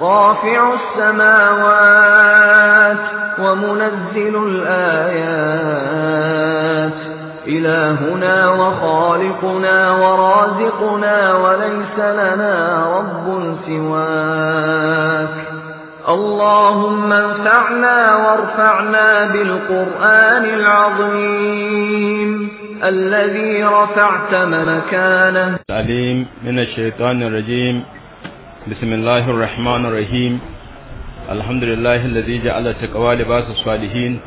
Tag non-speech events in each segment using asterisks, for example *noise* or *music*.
رافع السماوات ومنزل الآيات إلهنا وخالقنا ورازقنا وليس لنا رب سواك اللهم انفعنا وارفعنا بالقرآن العظيم الذي رفعت مكانه تعليم من الشيطان الرجيم بسم الله الرحمن الرحيم الحمد لله الذي جعل التقوى لباس الصالحين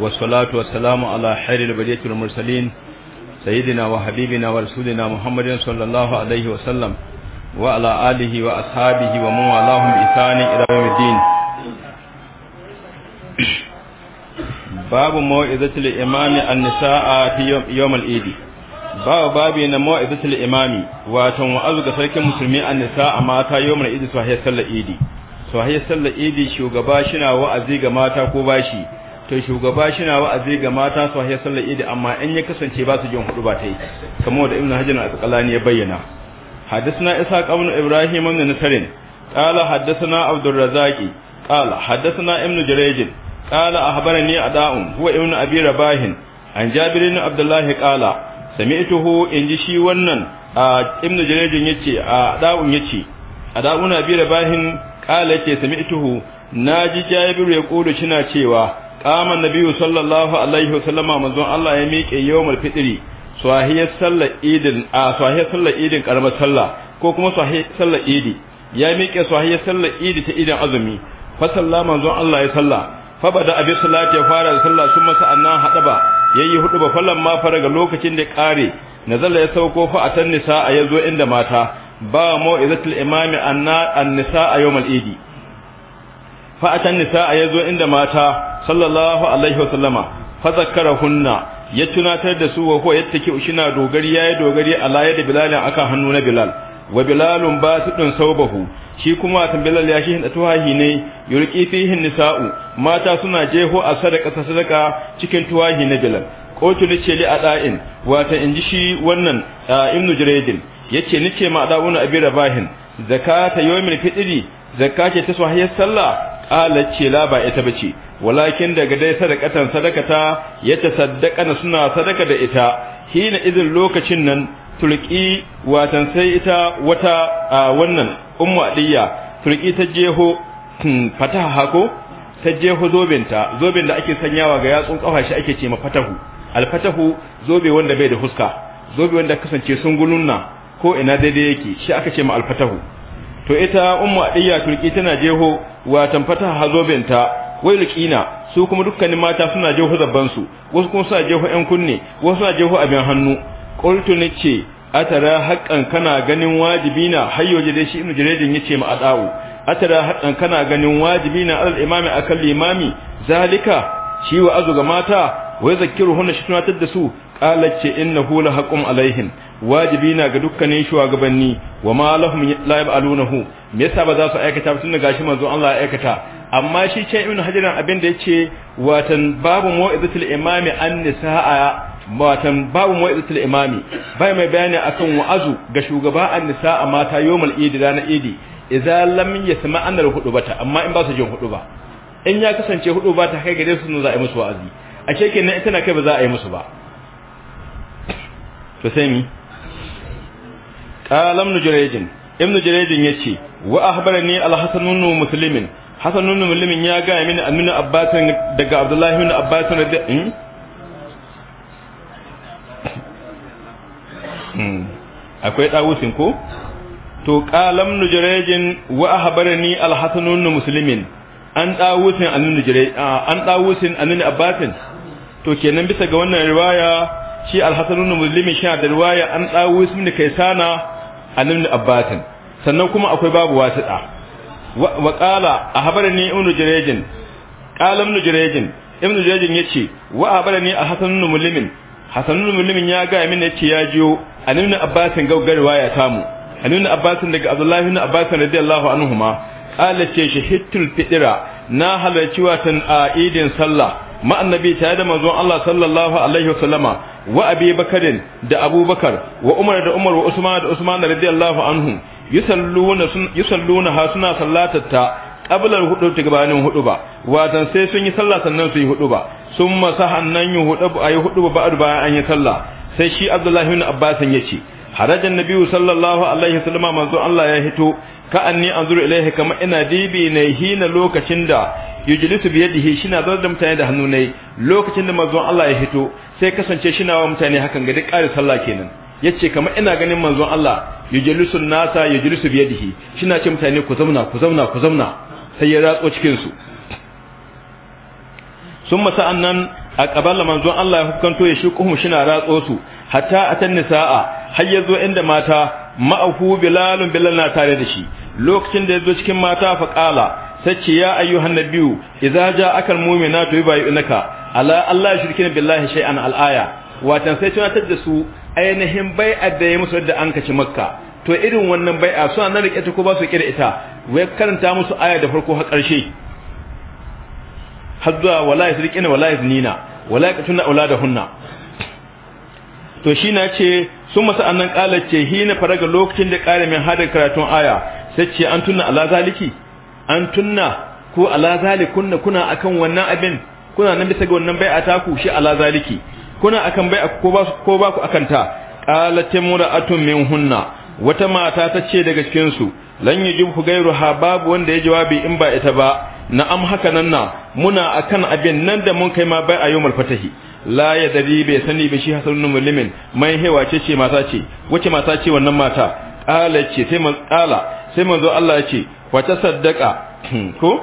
والصلاة والسلام على خير البرية المرسلين سيدنا وحبيبنا ورسولنا محمد صلى الله عليه وسلم وعلى آله وأصحابه ومن والاهم بإحسان إلى يوم الدين باب موعظة الإمام النساء في يوم, يوم الإيد babu babi na mawa'izatul imami watan wa'azu ga sarkin musulmi an nisa a mata yau mana idi sahiyar sallar idi sahiyar sallar idi shugaba shina wa'azi ga mata ko bashi to shugaba shina wa'azi ga mata sahiyar sallar idi amma in ya kasance ba su jin hudu ba ta yi kamar da ibnu hajar al-asqalani ya bayyana حدثنا إسحاق بن إبراهيم بن نصر abdulrazaki حدثنا عبد الرزاق قال حدثنا ابن جريج قال أخبرني أداء هو ابن أبي رباح عن sami'tuhu inji shi wannan a ibn jarejin yace a da'un yace a da'una bi rabahin qala yace sami'tuhu naji jabir ya kodo shina cewa qama nabiyyu sallallahu alaihi wasallama manzon Allah ya miƙe yawmul fitri swahiyar sallar idin a swahiyar sallar idin karamar sallah ko kuma swahiyar sallar idi ya miƙe swahiyar sallar idi ta idan azumi fa sallama manzon Allah ya salla fa bada abi salati ya fara sallah sun masa annan hadaba yayi hudu ba fallan ma ga lokacin da kare nazala ya sauko fa atan nisa a yazo inda mata ba izatul imami anna an-nisa a yawmal idi fa atan nisa a yazo inda mata sallallahu alaihi wasallama fa zakkarahunna ya tunatar da su wa ko yattaki ushina dogari yayi dogari ala yadi bilal akan hannu na bilal wa bilalun ɗin saubahu shi kuma tambilal ya shihin tuwahi ne yulqi fihin nisa'u mata suna jeho a sadaka sadaka cikin tuwahi na bilal kotu nace li da'in wata inji shi wannan ibnu jiraydin yace nace ma da'una abi rabahin zakata yawmin fitri zakata ta sahiyar sallah qala ce la ba ita bace walakin daga dai sadakatan sadakata yatasaddaqana suna sadaka da ita hina idin lokacin nan turki watan sai ita wata wannan ummu adiyya turki ta jeho hmm, fataha hako ta jeho zobinta zoben da ake sanyawa ga yatsun kafa shi ake ce ma fatahu alfatahu zobe wanda bai da huska zobe wanda kasance sungulunna ko ina daidai yake shi aka ce ma alfatahu to ita ummu adiyya turki tana jeho watan fataha wai lukina su kuma dukkanin mata suna jeho zabban su wasu kuma suna jeho yan kunne wasu suna jeho abin hannu qultu nace atara haqqan kana ganin wajibi na hayyo dai shi ibnu jaridin yace ma adawu atara haqqan kana ganin wajibi na al imami akan limami zalika shi wa azu ga mata wa hunna shi tunatar da su qalat ce innahu la haqqun alaihim wajibi na ga dukkanin shugabanni wa ma lahum la yabalunahu me yasa ba za su aikata ba tunda gashi manzo Allah ya aikata amma shi ce ibnu hajaran abin da yace watan babu mu'izatul imami an nisaa matan babu mu'izzatul imami bai mai bayani akan wa'azu ga shugaba an nisa a mata yawmal idi na idi idan lam yasma annar hudu bata amma in ba su jin ba in ya kasance ba ta kai gare su za a yi musu wa'azi a ce kenan ita na kai ba za a yi musu ba to sai mi qalam jurejin ibnu jurejin yace wa ahbarani al-hasan muslimin hasan muslimin ya ga mini amina abbasin daga abdullahi ibn abbasin radiyallahu hmm? Hmm. akwai ɗawusin ko to qalam nujrejin wa ahbarani al-hasan muslimin an ɗawusin an nujrej an an abbasin to kenan bisa ga wannan riwaya shi alhassanun musulmin muslimin shi da riwaya an ɗawus kai sana an ibn abbasin sannan kuma akwai babu wasiɗa wa qala ahbarani ibn nujrejin qalam nujrejin ibn jurejin ya ce wa a bada ne a hasanun hasanul mulmin ya ga min yace ya jiyo annabi abbasin gaggarwa ya samu annabi abbasin daga abdullahi ibn abbas radiyallahu anhuma qala ce shahidtul fidra na halarci watan a idin sallah ma annabi tare da manzon Allah sallallahu alaihi wasallama wa abi bakarin da abubakar wa umar da umar wa usman da usman radiyallahu anhum yusalluna yusalluna ha suna sallatatta qabla al-hudu gabanin hudu ba watan sai sun yi sallah sannan su yi hudu ba summa sahannan yi hudu ayi hudu ba ba'd bayan an yi sallah sai shi Abdullahi ibn Abbas ce harajan nabiyyu sallallahu alaihi wasallam manzo Allah ya hito ka anni anzuru ilaihi kama ina dibi ne hina lokacin da yujlisu bi yadihi shina zar da mutane da hannu ne lokacin da manzo Allah ya hito sai kasance shina wa mutane hakan ga duk ƙarin sallah kenan yace kama ina ganin manzo Allah yujlisu nasa yujlisu bi yadihi shina ce mutane ku zauna ku zauna ku zauna sai ya ratso cikin su sun masa annan a ƙabar manzon Allah ya hukanto ya shi shina ratso su hatta atan nisa'a har ya zo inda mata ma'ahu bilalun bilal na tare da shi lokacin da ya zo cikin mata fa sai ce ya ayu hannabiyu idza yi bayu yubayyunaka ala Allah ya shirkina billahi shay'an al-aya watan sai tunatar da su ainihin bai'ar da ya musu da an kaci makka to irin wannan bai'a suna nan rike ta ko ba su kira ita wai karanta musu aya da farko har karshe hadda wala yasriqina wala yaznina wala yaqtuna auladahunna to shi na ce sun masa annan kala ce na faraga lokacin da kare min hadin karatun aya sai ce an tunna ala zaliki an tunna ko ala zalikunna kuna akan wannan abin kuna nan bisa ga wannan bai'a ta ku shi ala zaliki kuna akan bai'a ko ba ko ba ku akan ta qalat mura'atun min hunna wata mata ta ce daga cikin su lan gairu ha babu wanda ya jawabi in ba ita ba na'am haka nan na muna akan abin nan da mun kai ma bai a yawmul fatahi la ya dari bai sani bi shi hasanun mulimin mai hewa ce ce mata ce wace mata ce wannan mata qala ce sai man qala sai manzo Allah ya ce ta saddaka *clears throat* ko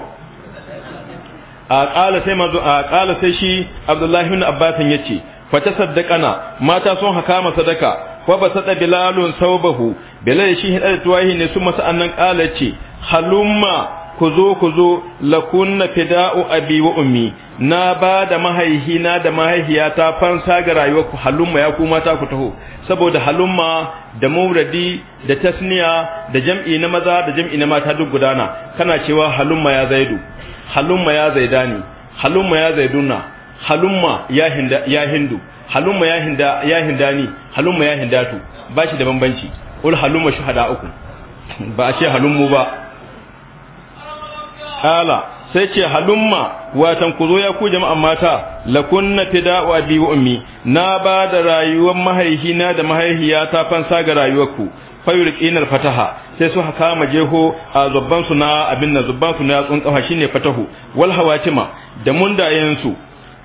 a qala sai manzo a qala sai shi Abdullahi ibn Abbas ya ce fa wace saddaqana mata sun haka ma sadaka wa basata bilalun saubahu bilal shi hidar tuwahi ne masa annan kala ce halumma ku zo ku zo lakunna fida'u abi wa ummi na ba da mahaihina da mahaihiyata fansa ga rayuwarku halumma ya kuma ta ku taho saboda halumma da mauradi da tasniya da jam'i na maza da jam'i na mata duk gudana kana cewa halumma ya zaidu halumma ya zaidani halumma ya zaiduna halumma ya hindu halumma ya hinda ya hindani halumma ya hindatu ba shi da bambanci ul halumma shuhada uku ba a ce halummu ba ala sai ce halumma watan ku zo ya ku jama'an mata lakunna fida'u abi wa ummi na ba da rayuwar mahaihina da ta fansa ga rayuwarku fayurqina fataha sai su haka majeho a zubban su na abin nan zubban su na tsuntsawa shine fatahu wal hawatima da mundayen su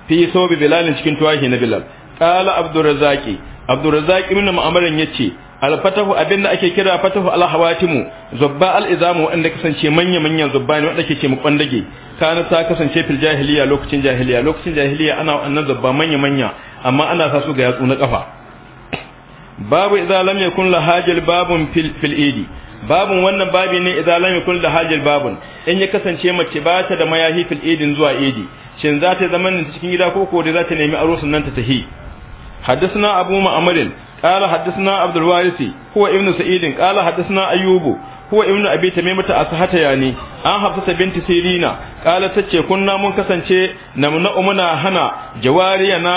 fi sobi bilalin cikin tuwahi na bilal qala abdurrazzaqi abdurrazzaqi ibn mu'amaran yace alfatahu abin da ake kira fatahu alhawatimu zubba alizamu wanda kasance manya manya zubba ne wanda kake mu kwandage kana ta kasance fil jahiliya lokacin jahiliya lokacin jahiliya ana wannan zubba manya manya amma ana sa su ga yatsu na kafa babu idza lam yakun lahajil babun fil fil idi babun wannan babi ne idan lam yakul da hajjal babun in ya kasance mace ba ta da mayahi fil idin zuwa idi shin za ta zama cikin gida ko ko da za ta nemi aro sunan ta tahi حدثنا أبو معمر قال حدثنا عبد الوارث هو ابن سعيد قال حدثنا أيوب هو ابن أبي تميمة أصحت يعني أن حفصة بنت سيرين قالت تتشي كنا منكسن نمنا أمنا هنا جوارينا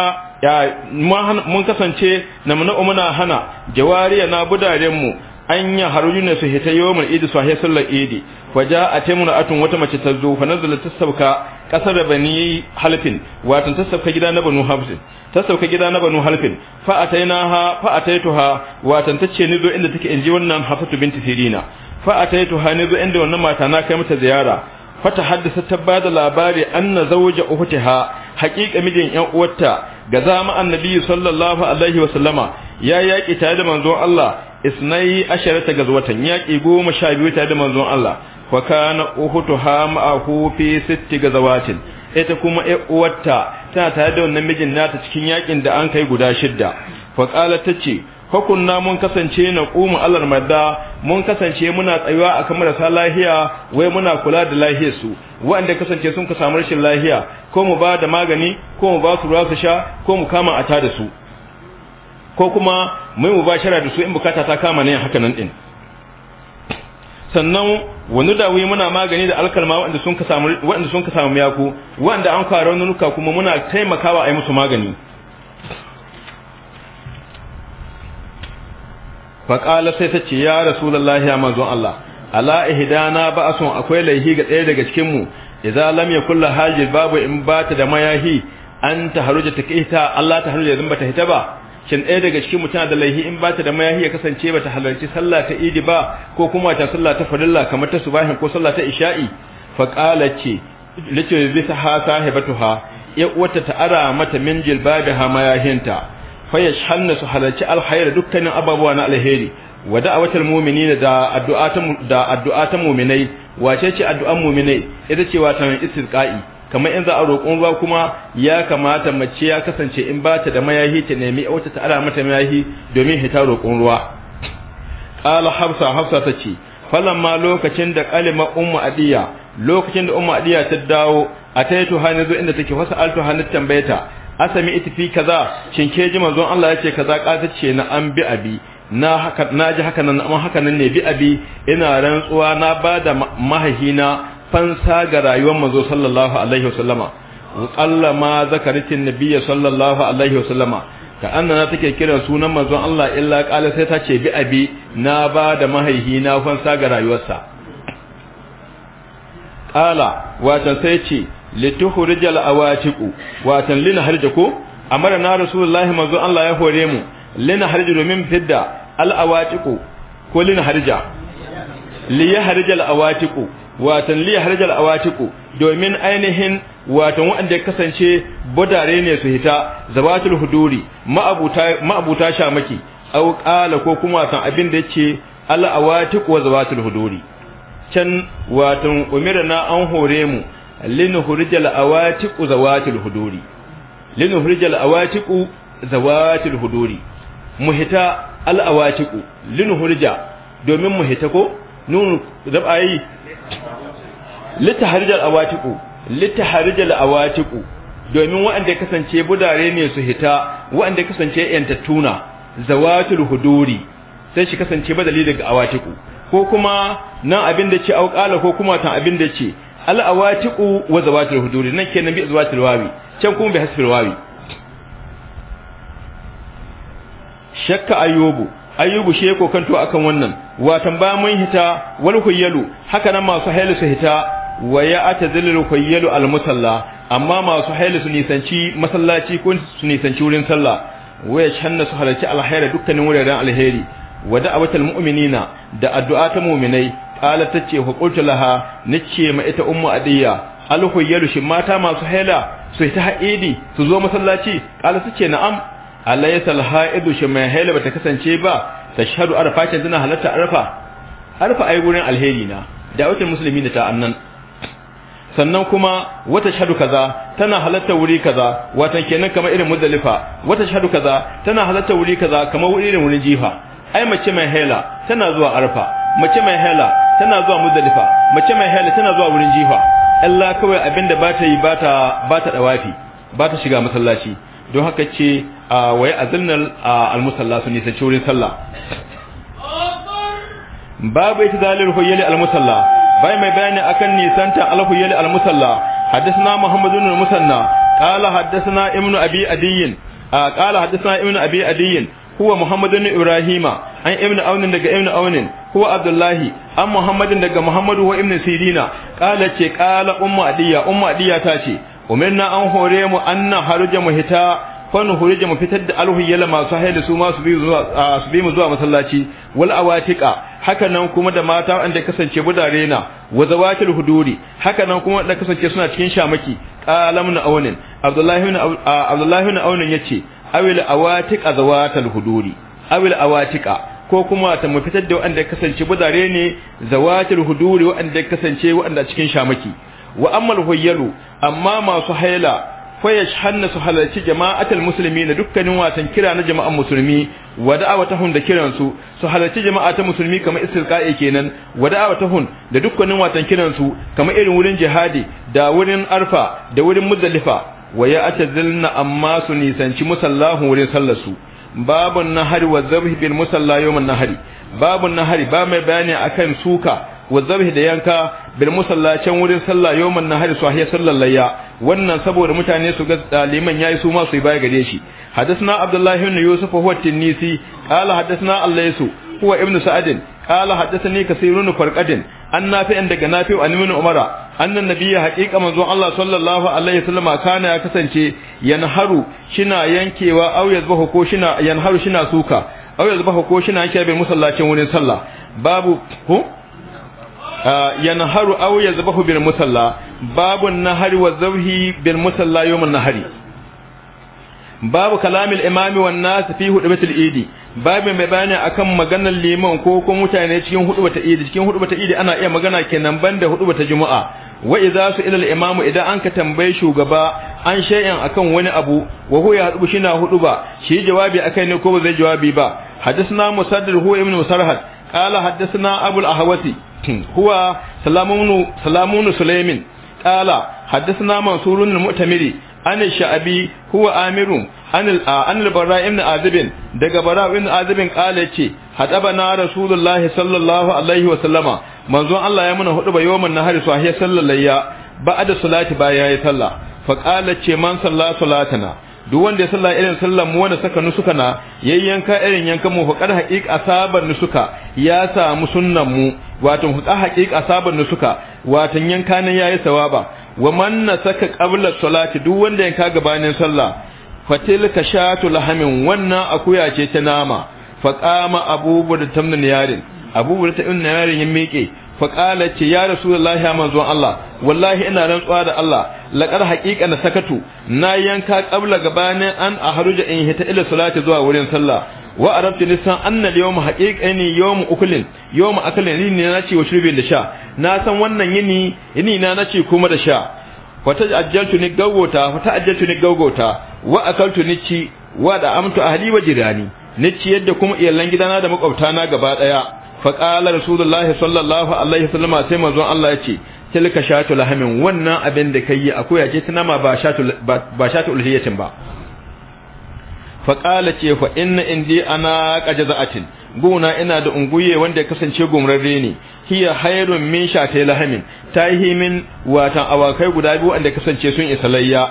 mun kasance na umuna hana jawariya na budarenmu an ya harujuna su hita yawmal idi sahiya sallar idi fa ja'at Atun wata mace ta zo fa nazalat tasabka kasar da bani halfin watan tasabka gida na banu halfin tasabka gida na banu halfin fa atainaha fa ataituha watan tace ni zo inda take inji wannan hafatu binti sirina fa ataituha ni zo inda wannan mata na kai mata ziyara fata haddasa ta ba da labari anna zawja uhtiha haƙiƙa mijin ƴan uwarta ga zama annabi sallallahu alaihi wasallama ya yaƙi tare da manzon Allah isnai asharata gazwatan yaƙi goma sha biyu tare da manzon Allah wa kana uhutu ha ma'ahu fi sitti gazawatin ita kuma ai uwarta tana tare da wannan mijin nata cikin yaƙin da an kai guda shidda fa qala tace hukunna kunna mun kasance na kuma Allah madda mun kasance muna tsayuwa akan marasa lahiya wai muna kula da lahiyar su wanda kasance sun ka samu rashin lahiya ko mu ba da magani ko mu ba su ruwa su sha ko mu kama a ta da su ko kuma mai mubashara da su in bukata ta kama ne haka nan din sannan wani dawi muna magani da alkalma wanda sun ka samu wanda sun ka samu yaku wanda an kwaro nunuka kuma muna taimakawa ai musu magani faƙala sai ta ce ya rasulullahi ya manzon Allah ala ihdana ba'asun akwai laihi ga tsaye daga cikin mu idza lam yakul hajil babu in bata da mayahi an harujata kaita ta Allah ta harujata zan bata hita ba shin ɗaya daga cikin mutum da laihi in ta da mayahi ya kasance bata halarci sallah ta idi ba ko kuma ta sallah ta farilla kamar ta subahin ko sallah ta isha'i fa ce ce ha bi saha ha. ya uwata ta ara mata min ha mayahinta fa hannu su halarci alhayar dukkanin ababuwa na alheri wa da'awatul mu'minina da addu'a da addu'a ta mu'minai wace ce addu'an mu'minai ita ce watan istisqa'i kamar in za a roƙon ruwa kuma ya kamata mace ya kasance in ba ta da mayahi ta nemi wata ta ala mata mayahi domin hita roƙon ruwa Ƙala hafsa hafsa ta ce falamma lokacin da kalima umma adiya lokacin da umma adiya ta dawo a ataitu hani zo inda take fasa altu tambaye tambayeta asami ita fi kaza shin ke ji manzon Allah ya ce kaza ƙasa ce na an bi abi na haka na ji haka nan amma haka nan ne bi abi ina rantsuwa na bada mahihina fansa ga rayuwar manzo sallallahu alaihi wasallama Allah ma zakaratin nabiyya sallallahu alaihi wasallama ka annana take kiran sunan manzo Allah illa qala sai ta ce bi abi na ba da mahaihi na fansa ga rayuwarsa qala watan sai ce litukhrijal awatiqu watan lina harja ko amara na rasulullahi manzo Allah ya hore mu lina harja domin fidda al awatiqu ko lina harja liya harja awatiqu watan li harjal awatiqu domin ainihin watan wanda ya kasance budare ne su hita zabatul huduri ma'abuta ma'abuta shamaki aw qala ko kuma watan abin da yake al awatiqu wa zabatul huduri can watan umirna an hore mu lin hurjal awatiqu zawatul huduri lin hurjal awatiqu zawatul huduri hita al awatiqu lin hurja domin hita ko zaba zabai litaharijal awatiqu litaharijal awatiqu domin waɗanda kasance budare ne su hita waɗanda kasance yantattuna zawatul huduri sai shi kasance badali daga awatiqu ko kuma nan abin da ce auqala ko kuma tan abin da ce al awatiqu wa zawatul huduri nan kenan bi zawatul wawi can kuma bi hasfil wawi shakka ayyubu ayyubu shi ko kanto akan wannan watan bayan mun hita wal khuyyalu haka nan masu hailu su hita wa ya atazilul khuyyalu al musalla amma masu hailu su nisanci masallaci ko su nisanci wurin sallah waya canna su halarci alhaira dukkanin wuraren alheri wa da'awatul mu'minina da addu'a ta mu'minai qala tace huqultu laha nace ma ita ummu adiyya al khuyyalu shin mata masu haila su hita haidi su zo masallaci qala tace na'am alaysa alhaidu shi mai haila bata kasance ba shahadu arfa ce tana halatta arfa arfa ai gurin alheri na da'awatul muslimin da ta annan sannan kuma wata shahadu kaza tana halatta wuri kaza watan kenan kamar irin muzdalifa wata shahadu kaza tana halatta wuri kaza kamar wuri irin wurin jifa ai mace mai haila tana zuwa arfa mace mai haila tana zuwa muzdalifa mace mai haila tana zuwa wurin jifa illa kawai abinda ba ta yi ba ta ba ta dawafi ba ta shiga masallaci don haka ce wa ya azilna almusalla su wurin sallah babu ita zalir huyyali almusalla bai mai bayani akan nisanta alhuyyali almusalla حدثنا محمد بن المثنى قال حدثنا ابن ابي ادي قال حدثنا ابن ابي ادي هو محمد بن ابراهيم عن ابن اون دغ ابن اون هو عبد الله عن محمد دغ محمد هو ابن سيرين قال ce قال ام ادي ام ادي تاتي umirna an hore mu anna haruja mu hita fanu hurije mu fitar da alhuyala masu haila su ma su bi zuwa su bi mu zuwa masallaci wal awatika haka nan kuma da mata wanda kasance budare na wa zawatil huduri haka nan kuma da kasance suna cikin shamaki qalam na aunin abdullahi ibn abdullahi ibn aunin yace awil awatika zawatil huduri awil awatika ko kuma ta mu fitar da wanda kasance budare ne zawatil huduri wanda kasance wanda cikin shamaki wa ammal huyyalu amma masu haila hannu su halarci jama'atul musulmi na dukkanin wasan kira na jama'an musulmi wa da'awatahun da kiransu su halarci jama'a ta musulmi kamar istilqa'i kenan wa da'awatahun da dukkanin wasan kiransu kamar irin wurin jihadi da wurin arfa da wurin muzdalifa wa ya'tazilna amma su nisanci musallahu wurin sallarsu babun nahari wa zabhi bil musalla yawm an-nahari babun nahari ba mai bayani akan suka wa zabhi da yanka bil musalla wurin sallah yawman nahari sahiya sallar layya wannan saboda mutane su ga liman yayi su ma su yi baya gare shi hadathna abdullahi na yusuf huwa tinisi qala hadathna allaysu huwa ibn sa'd qala hadathani kasirun farqadin an nafi'an daga nafi'u an ibn umara annan nabiyya haqiqa manzon Allah sallallahu alaihi a kana ya kasance yanharu shina yankewa aw yazbahu ko shina yanharu shina suka aw yazbahu ko shina yankewa bil musallacin wurin sallah babu yanharu aw yazbahu bil musalla babu nahari wa zawhi bil musalla yawm nahari babu al imami wan nas fi al idi babu mai bayani akan maganar liman ko ko mutane cikin al idi cikin al idi ana iya magana kenan banda hudubata juma'a wa idza su ila imam idan an ka tambaye shugaba an shay'an akan wani abu wa ko ya hudubu na ba shi jawabi akai ne ko ba zai jawabi ba hadisna musaddad huwa ibn musarhad قال حدثنا أبو الأهوتي هو سلامون سلامون سليم قال حدثنا منصور المؤتمري عن الشعبي هو آمر عن عن البراء بن عازب دغ براء بن عازب قال يتي حدبنا رسول الله صلى الله عليه وسلم منزون الله يا منا حدب يوم النهار صحيح صلى الله بعد صلاه بايا يصلى فقال يتي من صلى صلاتنا duk wanda ya salla irin sallan mu wanda saka nusuka na yayyanka irin yankan mu faqad haqiq asaban nusuka ya samu sunnan mu wato faqad haqiq asaban nusuka wato yanka nan yayi sawaba wa man saka qabla salati duk wanda yanka gabanin sallah fatilka shatu lahamin wannan akuya ce ta nama faqama abubu da tamnun yarin abubu da tamnin yarin ya miƙe faƙala ce ya rasulullahi ya manzon Allah wallahi ina rantsuwa da Allah laƙar haƙiƙa na sakatu na yanka ƙabla gabanin an a haruja in hita ila salati zuwa wurin sallah wa arabtu nisan anna yawm haqiqani yawm ukulin yawm akalin ni ne nace wa shurbin da sha na san wannan yini yini na nace kuma da sha wata ajjaltu ni gaugota. wata ajjaltu ni gaggota wa akaltu ni ci wa da amtu ahli wa jirani ni ci yadda kuma iyalan gidana da makwabtana gaba daya faƙalar rasulullahi sallallahu alaihi wasallama sai manzon Allah ya ce tilka shatu lahamin wannan abin da kai akwai ce ta nama ba shatu ba shatu ulhiyatin ba faƙala ce fa inna indi ana qajaza'atin gona ina da unguye wanda ya kasance gumrarre ne hiya hayrun min shatai lahamin tahimin watan awakai guda biyu wanda kasance sun isa layya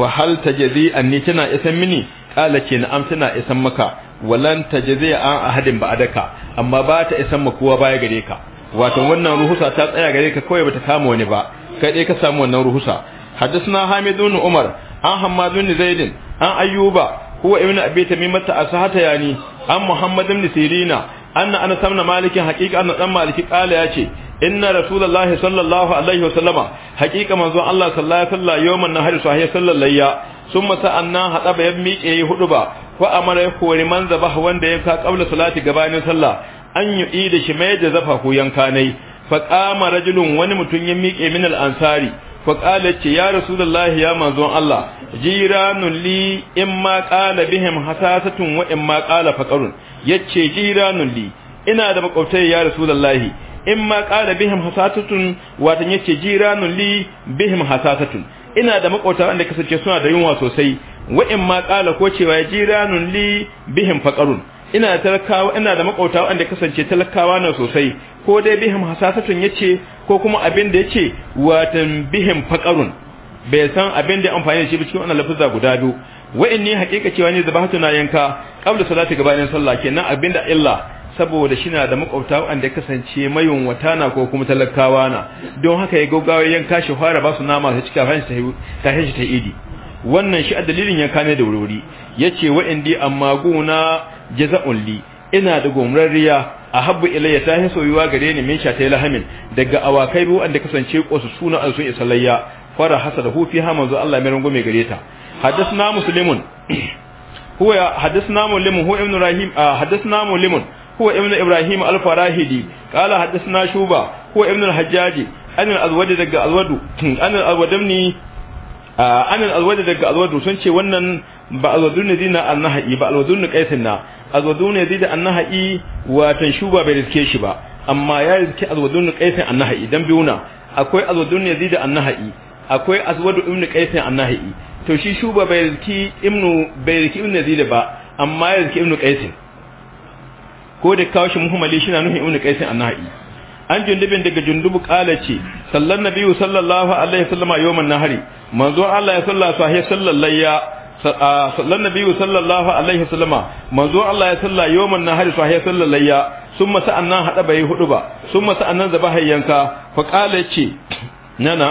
fa hal tajzi anni tana isan mini qala ce na am tana isan maka walan tajzi an ahadin ba'adaka amma ba ta isan kowa baya gare ka wato wannan ruhusa ta tsaya gare ka kawai bata kama wani ba Kaɗai ka samu wannan ruhusa hadisna hamidu bin umar an hamadu bin zaidin an ayyuba huwa ibnu abi tamim mata asahata yani an muhammad bin sirina anna ana samna malikin haqiqa na dan maliki qala yace inna rasulullahi sallallahu alaihi wasallama haqiqa manzo allah sallallahu alaihi wasallama yawman nahar sahih sallallahu alayya summa sa'anna hada bayan miƙe hudu ba wa amara ya kori man zaba wanda ya ka qabla salati gabanin sallah an yi da shi mai da zafa ko yanka nai fa qama rajulun wani mutun ya miƙe min al ansari fa qala ce ya rasulullahi ya manzon Allah jiranun li in ma qala bihim hasasatun wa in ma qala faqarun yace jiranun li ina da makwabtai ya rasulullahi in ma qala bihim hasasatun watan yace jiranun li bihim hasasatun ina da makwata wanda kasance suna da yunwa sosai wa'in ma kala ko cewa jiranun li bihim faqarun ina talakawa ina da makwata wanda kasance talakawa na sosai ko dai bihim hasasatun yace ko kuma abin da yace watan bihim faqarun bai san abin da amfani da shi cikin wannan lafaza guda biyu wa'in ni haƙiƙa cewa ne zabahatuna yanka qabla salati gabanin sallah kenan abin da illa saboda shi na da makwabta wanda kasance mayunwata na ko kuma talakawa na don haka ya gaggawa yan shi fara ba su nama su cika fahin shi ta idi wannan shi a dalilin ya kame da wuri ya ce wa'indi amma guna jaza'un li ina da riya a habbu ilayya ta hin soyuwa gare ni min shatai lahamin daga awakai biyu wanda kasance kosu suna an sun isalayya fara hasada hu fi ha manzo Allah mai rungume gare ta hadisna muslimun *clears throat* huwa hadisna muslimun huwa ibn rahim hadisna muslimun هو ابن إبراهيم الفراهيدي قال حدثنا شوبة هو ابن الحجاج أن الأزود دق الأزود أن الأزود من أن الأزود دق الأزود سنشي ونن بأزودون دينا النهائي بأزودون قيسنا أزودون ديد النهائي وتنشوبة برزكيش أما يرزك أزودون قيس النهائي دم بيونا أكوي أزودون يزيد النهائي azwadu ibn ابن قيس النهائي to shi shuba bai riski ibnu bai riski ba amma ya riski qais ko da kawo shi muhammali shi na nuhin ibn an annahi an jundubin daga jundubu kala ce sallan nabiyyu sallallahu alaihi wasallam yawman nahari manzo Allah ya salla sahi sallallayya sallan nabiyyu sallallahu alaihi wasallam manzo Allah ya salla yawman nahari sahi sallallayya summa sa'annan hada bai hudu ba summa masu zabaha yanka fa kala ce nana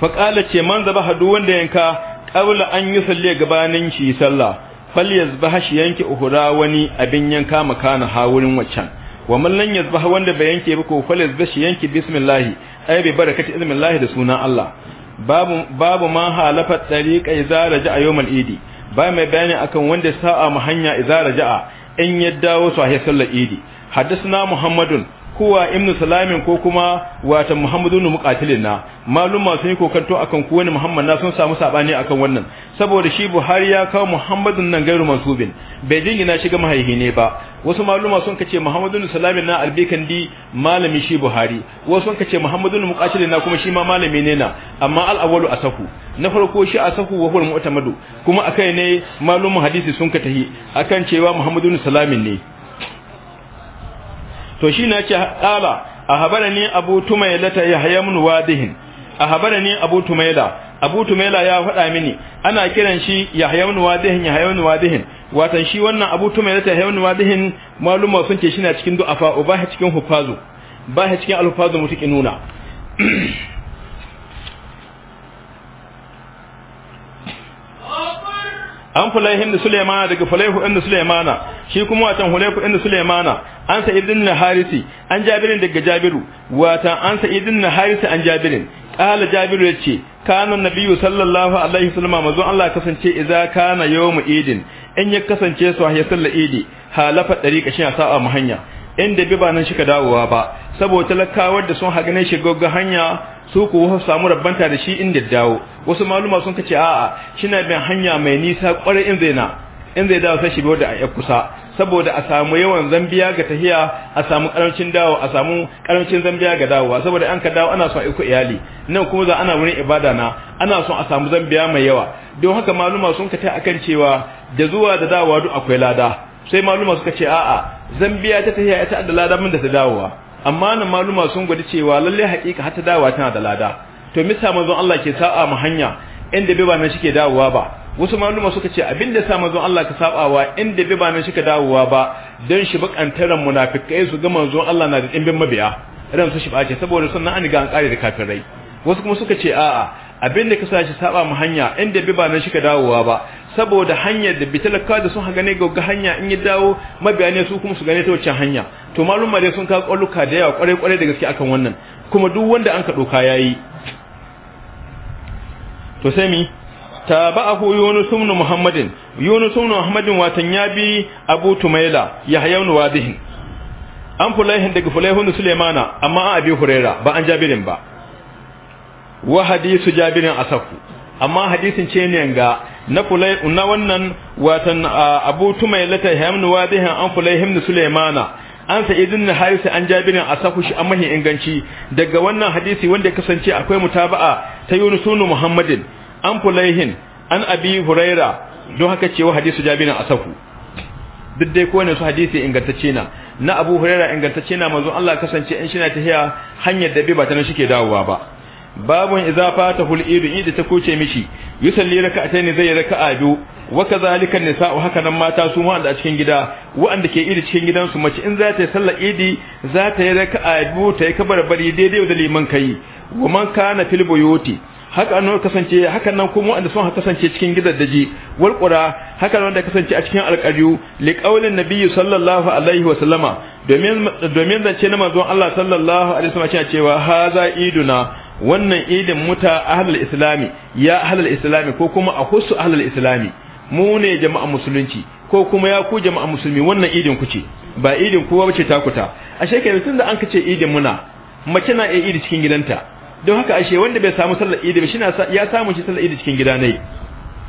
fa kala ce man zabaha duk wanda yanka qabla an yusalli gabanin shi sallah fal yazbaha shi yanke uhura wani abin yanka makana ha wurin waccan wa mallan wanda bai yanke ba ko fal ba shi yanke bismillah ay bi barakati bismillah da sunan Allah babu babu ma halafa tariqa idza raja'a yawmal idi ba mai bayani akan wanda sa'a mahanya hanya idza raja'a in ya dawo sahih a sallar idi حدثنا محمد kowa imnu salamin ko kuma wata muhammadu nu muqatilin na maluma sun yi kokanto akan ko wani muhammad na sun samu sabani akan wannan saboda shi buhari ya kawo muhammadun nan gairu mansubin bai jingina shi shiga mahaihi ne ba wasu maluma sun kace muhammadu nu salamin na di malami shi buhari wasu sun kace muhammadu nu muqatilin na kuma shi ma malami ne na amma al awwalu asahu na farko shi asahu wa huwa mu'tamadu kuma akai ne malum hadisi sun ka tahi akan cewa muhammadu nu salamin ne to shi na ce habara ahbarani abu tumaila ta yahya mun wadihin a ahbarani abu tumaila abu tumaila ya faɗa mini ana kiran shi yahya mun wadihin yahya mun wadihin watan shi wannan abu tumaila ta yahya mun wadihin maluma sun ce shi na cikin du'afa ubahi cikin hufazu ba cikin alfazu mutaqinuna *clears throat* an fulaihin da sulaimana daga fulaihu inda sulaimana shi kuma watan hulaihu inda sulaimana an sa idin na harisi an jabirin daga jabiru watan an sa idin na harisi an jabirin qala jabiru ya ce yace na biyu sallallahu alaihi wasallam mazo Allah kasance idza kana mu idin in ya kasance su a ya salla idi halafa dariqa shi a sa'a mu hanya inda bi ba nan shi ka dawowa ba saboda talakawar da sun na shi shigagga hanya su ku samu rabanta da shi inda dawo wasu maluma sun kace a'a shina bin hanya mai nisa kwarai in zai na in zai dawo sai shi bi wanda a kusa saboda a samu yawan zambiya ga tahiya a samu karancin dawo a samu karancin zambiya ga dawowa saboda an ka dawo ana son iko iyali nan kuma za ana wurin ibada na ana son a samu zambiya mai yawa don haka maluma sun kace akan cewa da zuwa da dawowa duk akwai lada sai maluma suka ce a'a zambiya ta tafiya ita da lada mun da ta dawowa amma nan maluma sun gwada cewa lalle haƙiƙa har ta dawowa tana da lada to misa manzon Allah ke sa'a mu hanya inda bai ba nan shike dawowa ba wasu maluma suka ce abinda sa manzon Allah ka sabawa inda bai ba nan shike dawowa ba dan shi bakantaran munafikai su ga manzon Allah na da dimbin mabiya ran su shi ce saboda sunnan an ga an kare da kafirai wasu kuma suka ce a'a abinda ka sa shi saba mu hanya inda bai ba nan shike dawowa ba saboda hanyar da bi bitalaka da sun hagane ga hanya in yi dawo mabiya ne su kuma su gane ta wacce hanya to malum mare sun kawo kwalluka da yawa kwarai kwarai da gaske akan wannan kuma duk wanda an ka doka yayi to sai mi tabahu yunus ibn muhammadin yunus ibn muhammadin watan yabi abu tumaila yahya ibn wadihin an fulaihin daga fulaihun sulaimana amma an abi huraira ba an jabirin ba wa hadisu jabirin asafu amma hadisin ce ne ga na kulai na wannan watan abu tumailata hamnu wadihan an kulai himnu sulaimana an idin na harisa an jabirin a sahu shi an mahi inganci daga wannan hadisi wanda kasance akwai mutaba'a ta yunusunu muhammadin an hin an abi huraira don haka cewa hadisu jabirin a sahu duk dai kowane su hadisi ingantacce na na abu huraira ingantacce na manzon Allah kasance in shi na tahiya hanyar da bi ba ta nan shike dawowa ba babun idza fatahu al-eid id ta kuce mishi yusalli raka'atayn zai raka'a biyu wa kadhalika nisa'u haka nan mata su ma da cikin gida wa'anda ke iri cikin gidansu mace in za ta yi sallar idi za ta yi raka'a biyu ta yi kabar bari daidai da liman kai wa man kana fil buyuti haka nan kasance haka nan kuma wanda sun kasance cikin gidaddaji wal qura haka nan da kasance a cikin alƙariyu li qaulin nabiyyi sallallahu alaihi wa sallama domin domin zance na manzon Allah sallallahu alaihi wa sallama cewa haza iduna wannan idin muta ahlul islami ya ahlul islami ko kuma a husu ahlul islami mu ne jama'a musulunci ko kuma ya ku jama'a musulmi wannan idin ku ce ba idin kowa bace takuta ashe kenan tunda an kace idin muna mace na iya idi cikin gidanta don haka ashe wanda bai samu sallar idi ba shi ya samu shi sallar idi cikin gida ne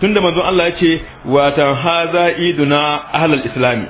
tunda manzon Allah ya ce wa ta haza iduna ahlul islami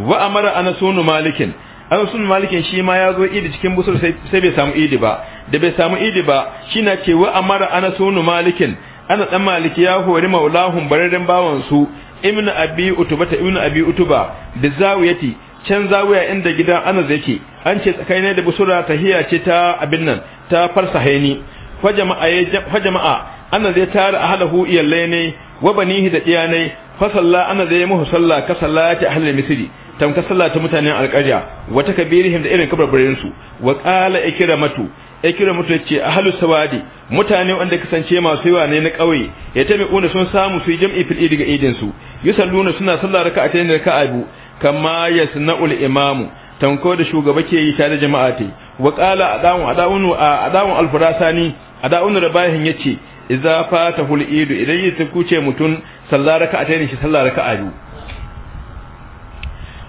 wa amara ana sunu malikin an sun malikin shi ma ya zo idi cikin busur sai bai samu idi ba da bai samu idi ba shi na cewa a mara ana sunu malikin ana dan maliki ya hori maulahun bararren bawan su ibnu abi utuba ta ibnu abi utuba da zawiyati can zawiya inda gidan ana zake an ce tsakaine da busura tahiya ce ta abin nan ta haini fa jama'a fa jama'a ana zai tara ahlahu iyallai ne wa banihi da iyanai fa sallah ana zai muhu sallah ka ta ahlul misri tamka sallah ta mutanen alƙarya wata kabirihim da irin kabarbarin su wa qala ikramatu ikramatu yace ahlu sawadi mutane wanda kasance masu yawa ne na ƙauye ya wanda sun samu su jam'i fil idi ga idin su yusalluna suna sallah raka'atayn raka'a bu kama yasna'ul imamu tanko da shugaba ke yi tare jama'a tai wa qala adawu adawu adawu alfurasani adawu rabahin yace idza fatahul idu idan yi kuce mutun sallah raka'atayn shi sallah raka'a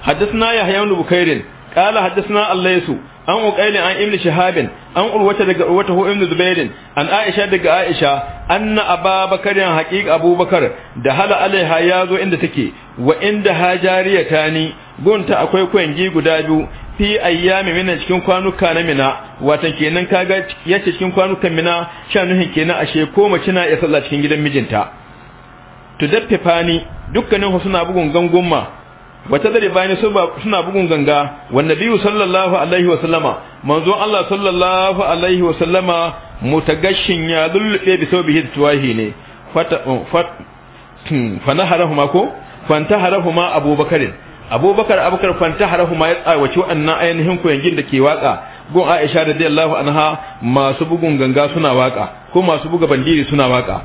حدثنا يحيى بن بكير قال حدثنا الليث عن عقيل عن ابن شهاب عن عروة دغ هو ابن زبير عن عائشة دغ عائشة أن أبا بكر حقيق أبو بكر دخل عليها يازو عند تكي وعند هاجارية تاني قلت أكوي جي قدابو في ayyami من cikin kwanuka na mina watan kenan kaga yace cikin kwanukan mina shanuhin kenan ashe ko mace na ya sallah cikin gidan mijinta to daffe fani dukkanin su suna bugun gangunma wata dare bayan suna bugun ganga wa biyu sallallahu alaihi wa sallama manzo Allah sallallahu alaihi wa sallama mutagashin ya lullube bi sabbi tuwahi ne fata fat hmm, fanaharahuma ko fantaharahuma abubakarin abubakar abubakar fantaharahuma ya tsawaci waɗannan ainihin koyangin da ke waka gon Aisha radiyallahu anha masu bugun ganga suna waka ko masu buga bandiri suna waka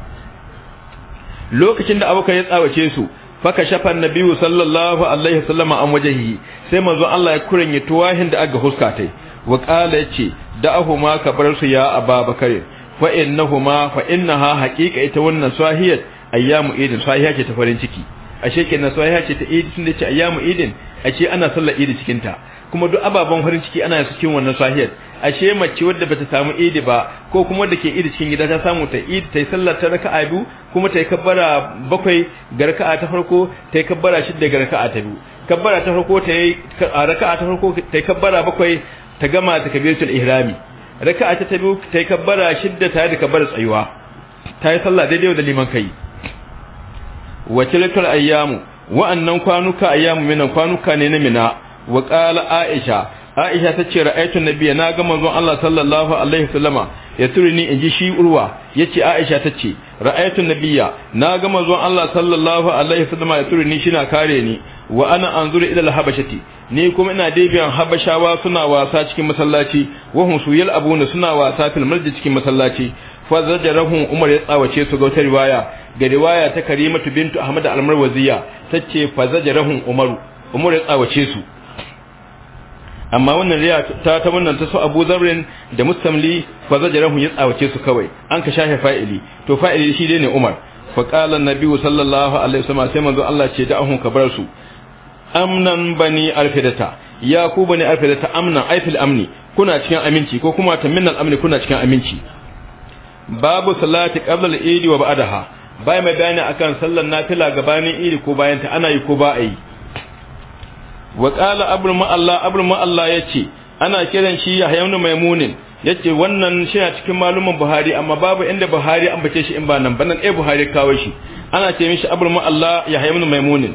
lokacin da abubakar ya tsawace su faka shafan nabiyu sallallahu alaihi wasallam an wajahi sai manzo Allah ya kuranye tuwahin da aka huska tai wa qala yace da'ahuma ka bar su ya ababakare fa innahuma fa innaha haqiqa ita wannan sahiyat ayyamu idin sahiya ce ta farin ciki ashe kenan sahiya ce ta idin tunda ce ayyamu idin ashe ana sallar idi cikin ta kuma duk ababen farin ciki ana yin cikin wannan sahiyar ashe mace wadda bata samu idi ba ko kuma wadda ke idi cikin gida ta samu ta idi ta yi sallar ta raka'a biyu kuma ta yi kabbara bakwai ga raka'a ta farko ta yi kabbara shidda ga raka'a ta biyu kabbara ta farko ta raka'a ta farko ta yi kabbara bakwai ta gama ta kabiratul ihrami raka'a ta biyu ta yi kabbara shidda ta yi kabbara tsayuwa ta yi sallah daidai da liman kai wa tilkal ayyamu wa'annan kwanuka ayyamu minan kwanuka ne na mina wa qala aisha aisha tace ra'aytu nabiyya na ga manzon Allah sallallahu alaihi wasallama ya turini inji shi urwa yace aisha tace ra'aytu nabiyya na ga manzon Allah sallallahu alaihi wasallama ya turini shi na kare ni wa ana anzuru ila al-habashati ni kuma ina dabiyan habashawa suna wasa cikin masallaci wa hum suyal abuna suna wasa fil cikin masallaci fa zajarahum umar ya tsawace su ga wata riwaya ga riwaya ta karimatu bintu ahmad Almarwaziya ta tace fa umaru umar umar ya tsawace su amma wannan riya ta ta wannan ta su Abu Zarrin da Mustamli fa zajarahu ya tsawace su kawai an ka shafe fa'ili to fa'ili shi dai ne Umar fa qala an-nabi sallallahu alaihi wasallam sai manzo Allah ce da ahun kabar su amnan bani alfidata ya ku bani alfidata amnan aifil amni kuna cikin aminci ko kuma taminnan amni kuna cikin aminci babu salati qabla al-eid wa ba'daha bai mai bayani akan sallar nafila gabanin idi ko bayan ta ana yi ko ba a yi wa qala abul ma'alla abul ma'alla yace ana kiran shi Yahya ibn Maimunin ce wannan shi a cikin malumin Buhari amma babu inda Buhari an bace shi in ba nan nan eh Buhari kawo shi ana ce mishi abul ma'alla Yahya ibn Maimunin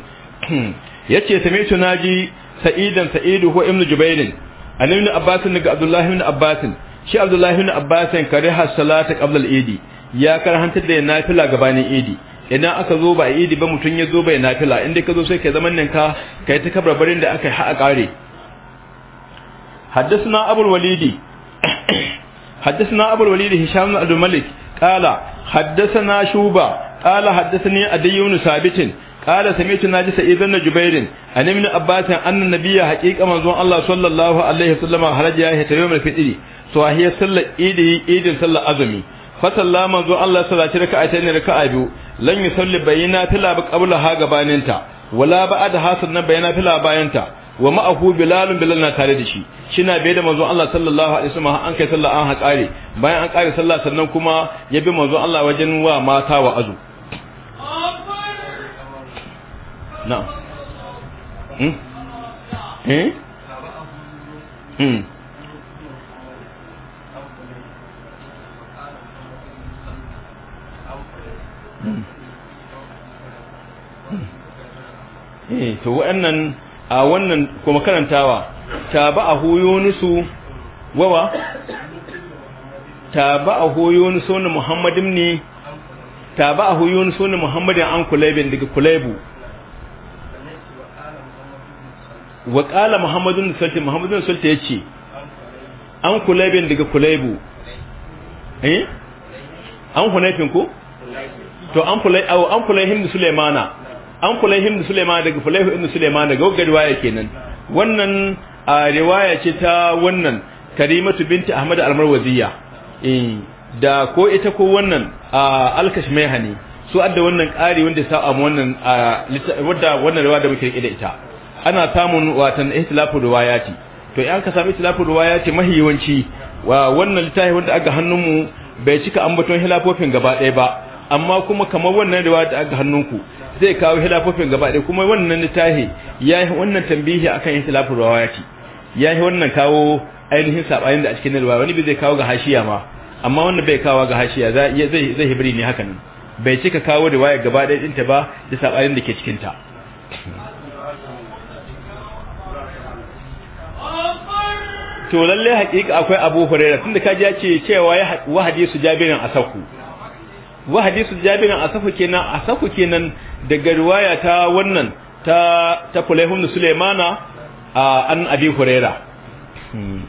*clears throat* yace sami'tu naji sa'idan sa'idu ko ibn jubairin an ibn abbas daga abdullahi ibn abbas shi abdullahi ibn abbas kare hasalata qabla al-idi ya karhantar da nafila gabanin idi idan aka zo ba idi ba mutum ya zo bai nafila inda ka zo sai ka zaman ninka ka yi ta kabarbarin da aka yi ha'a kare. haddasuna abul walidi *coughs* haddasuna abul walidi hisham na al-malik qala haddasana shuba qala haddasani adiyun sabitin قال سمعت ناجس ابن جبير عن ابن عباس ان النبي حقيقه منزون الله صلى الله عليه وسلم خرج ياه يوم الفطر سواهي صلى عيد عيد صلى عظمي فصلى منزون الله صلى الله عليه وسلم ركعتين ركعه biyu lan yusalli bayina tila bi qabla ha gabaninta wala ba'ad hasan na bayina tila bayanta wa ma'ahu bilal bilal na tare da shi shina bai da manzon Allah sallallahu alaihi wasallam an kai sallah an haƙare bayan an kare sallah sannan kuma ya bi manzon Allah wajen wa mata wa azu na'am hmm eh hmm, hmm. Eh, to wannan a wannan kuma karantawa ta ba tabahu yunusu wawa ta ba tabahu yunusu ne muhammadin ne ta ba tabahu yunusu ne muhammadin an kulaibin daga kulaibu wa sulte muhammadin da sulte ya ce an kulaibin daga kulaibu eh an hunayfin ko to an fulai aw an fulai himdu sulaimana an fulai himdu sulaimana daga fulai ibn sulaimana daga wagga riwaya kenan wannan riwaya ce ta wannan karimatu binti ahmad Almarwaziya. marwaziya eh, da ko ita ko wannan Alkash kashmihani su adda wannan ƙari wanda ya samu wannan wadda wannan riwaya da muke rike da ita ana samun watan ihtilafu riwayati to in ka samu ihtilafu riwayati yawanci wa wannan littafi wanda aga hannunmu bai cika ambaton hilafofin gaba ɗaya ba amma kuma kamar wannan riwaya da aka hannunku zai kawo hilafofin gaba ɗaya kuma wannan littafi ya yi wannan tambihi akan hilafin rawayati ya yi wannan kawo ainihin saɓayin da a cikin riwaya wani bai zai kawo ga hashiya ma amma wannan bai kawo ga hashiya zai zai hibri ne haka nan bai cika kawo riwaya gaba ɗaya ɗinta ba da saɓayin da ke cikin ta to lalle hakika akwai Abu Hurairah tunda kaji ya ce cewa ya wa hadisu Jabirin asaku wa hadisul jabir asafu kenan asafu kenan daga riwaya ta wannan ta ta Fulaihun Sulaimana an Abi Huraira hmm.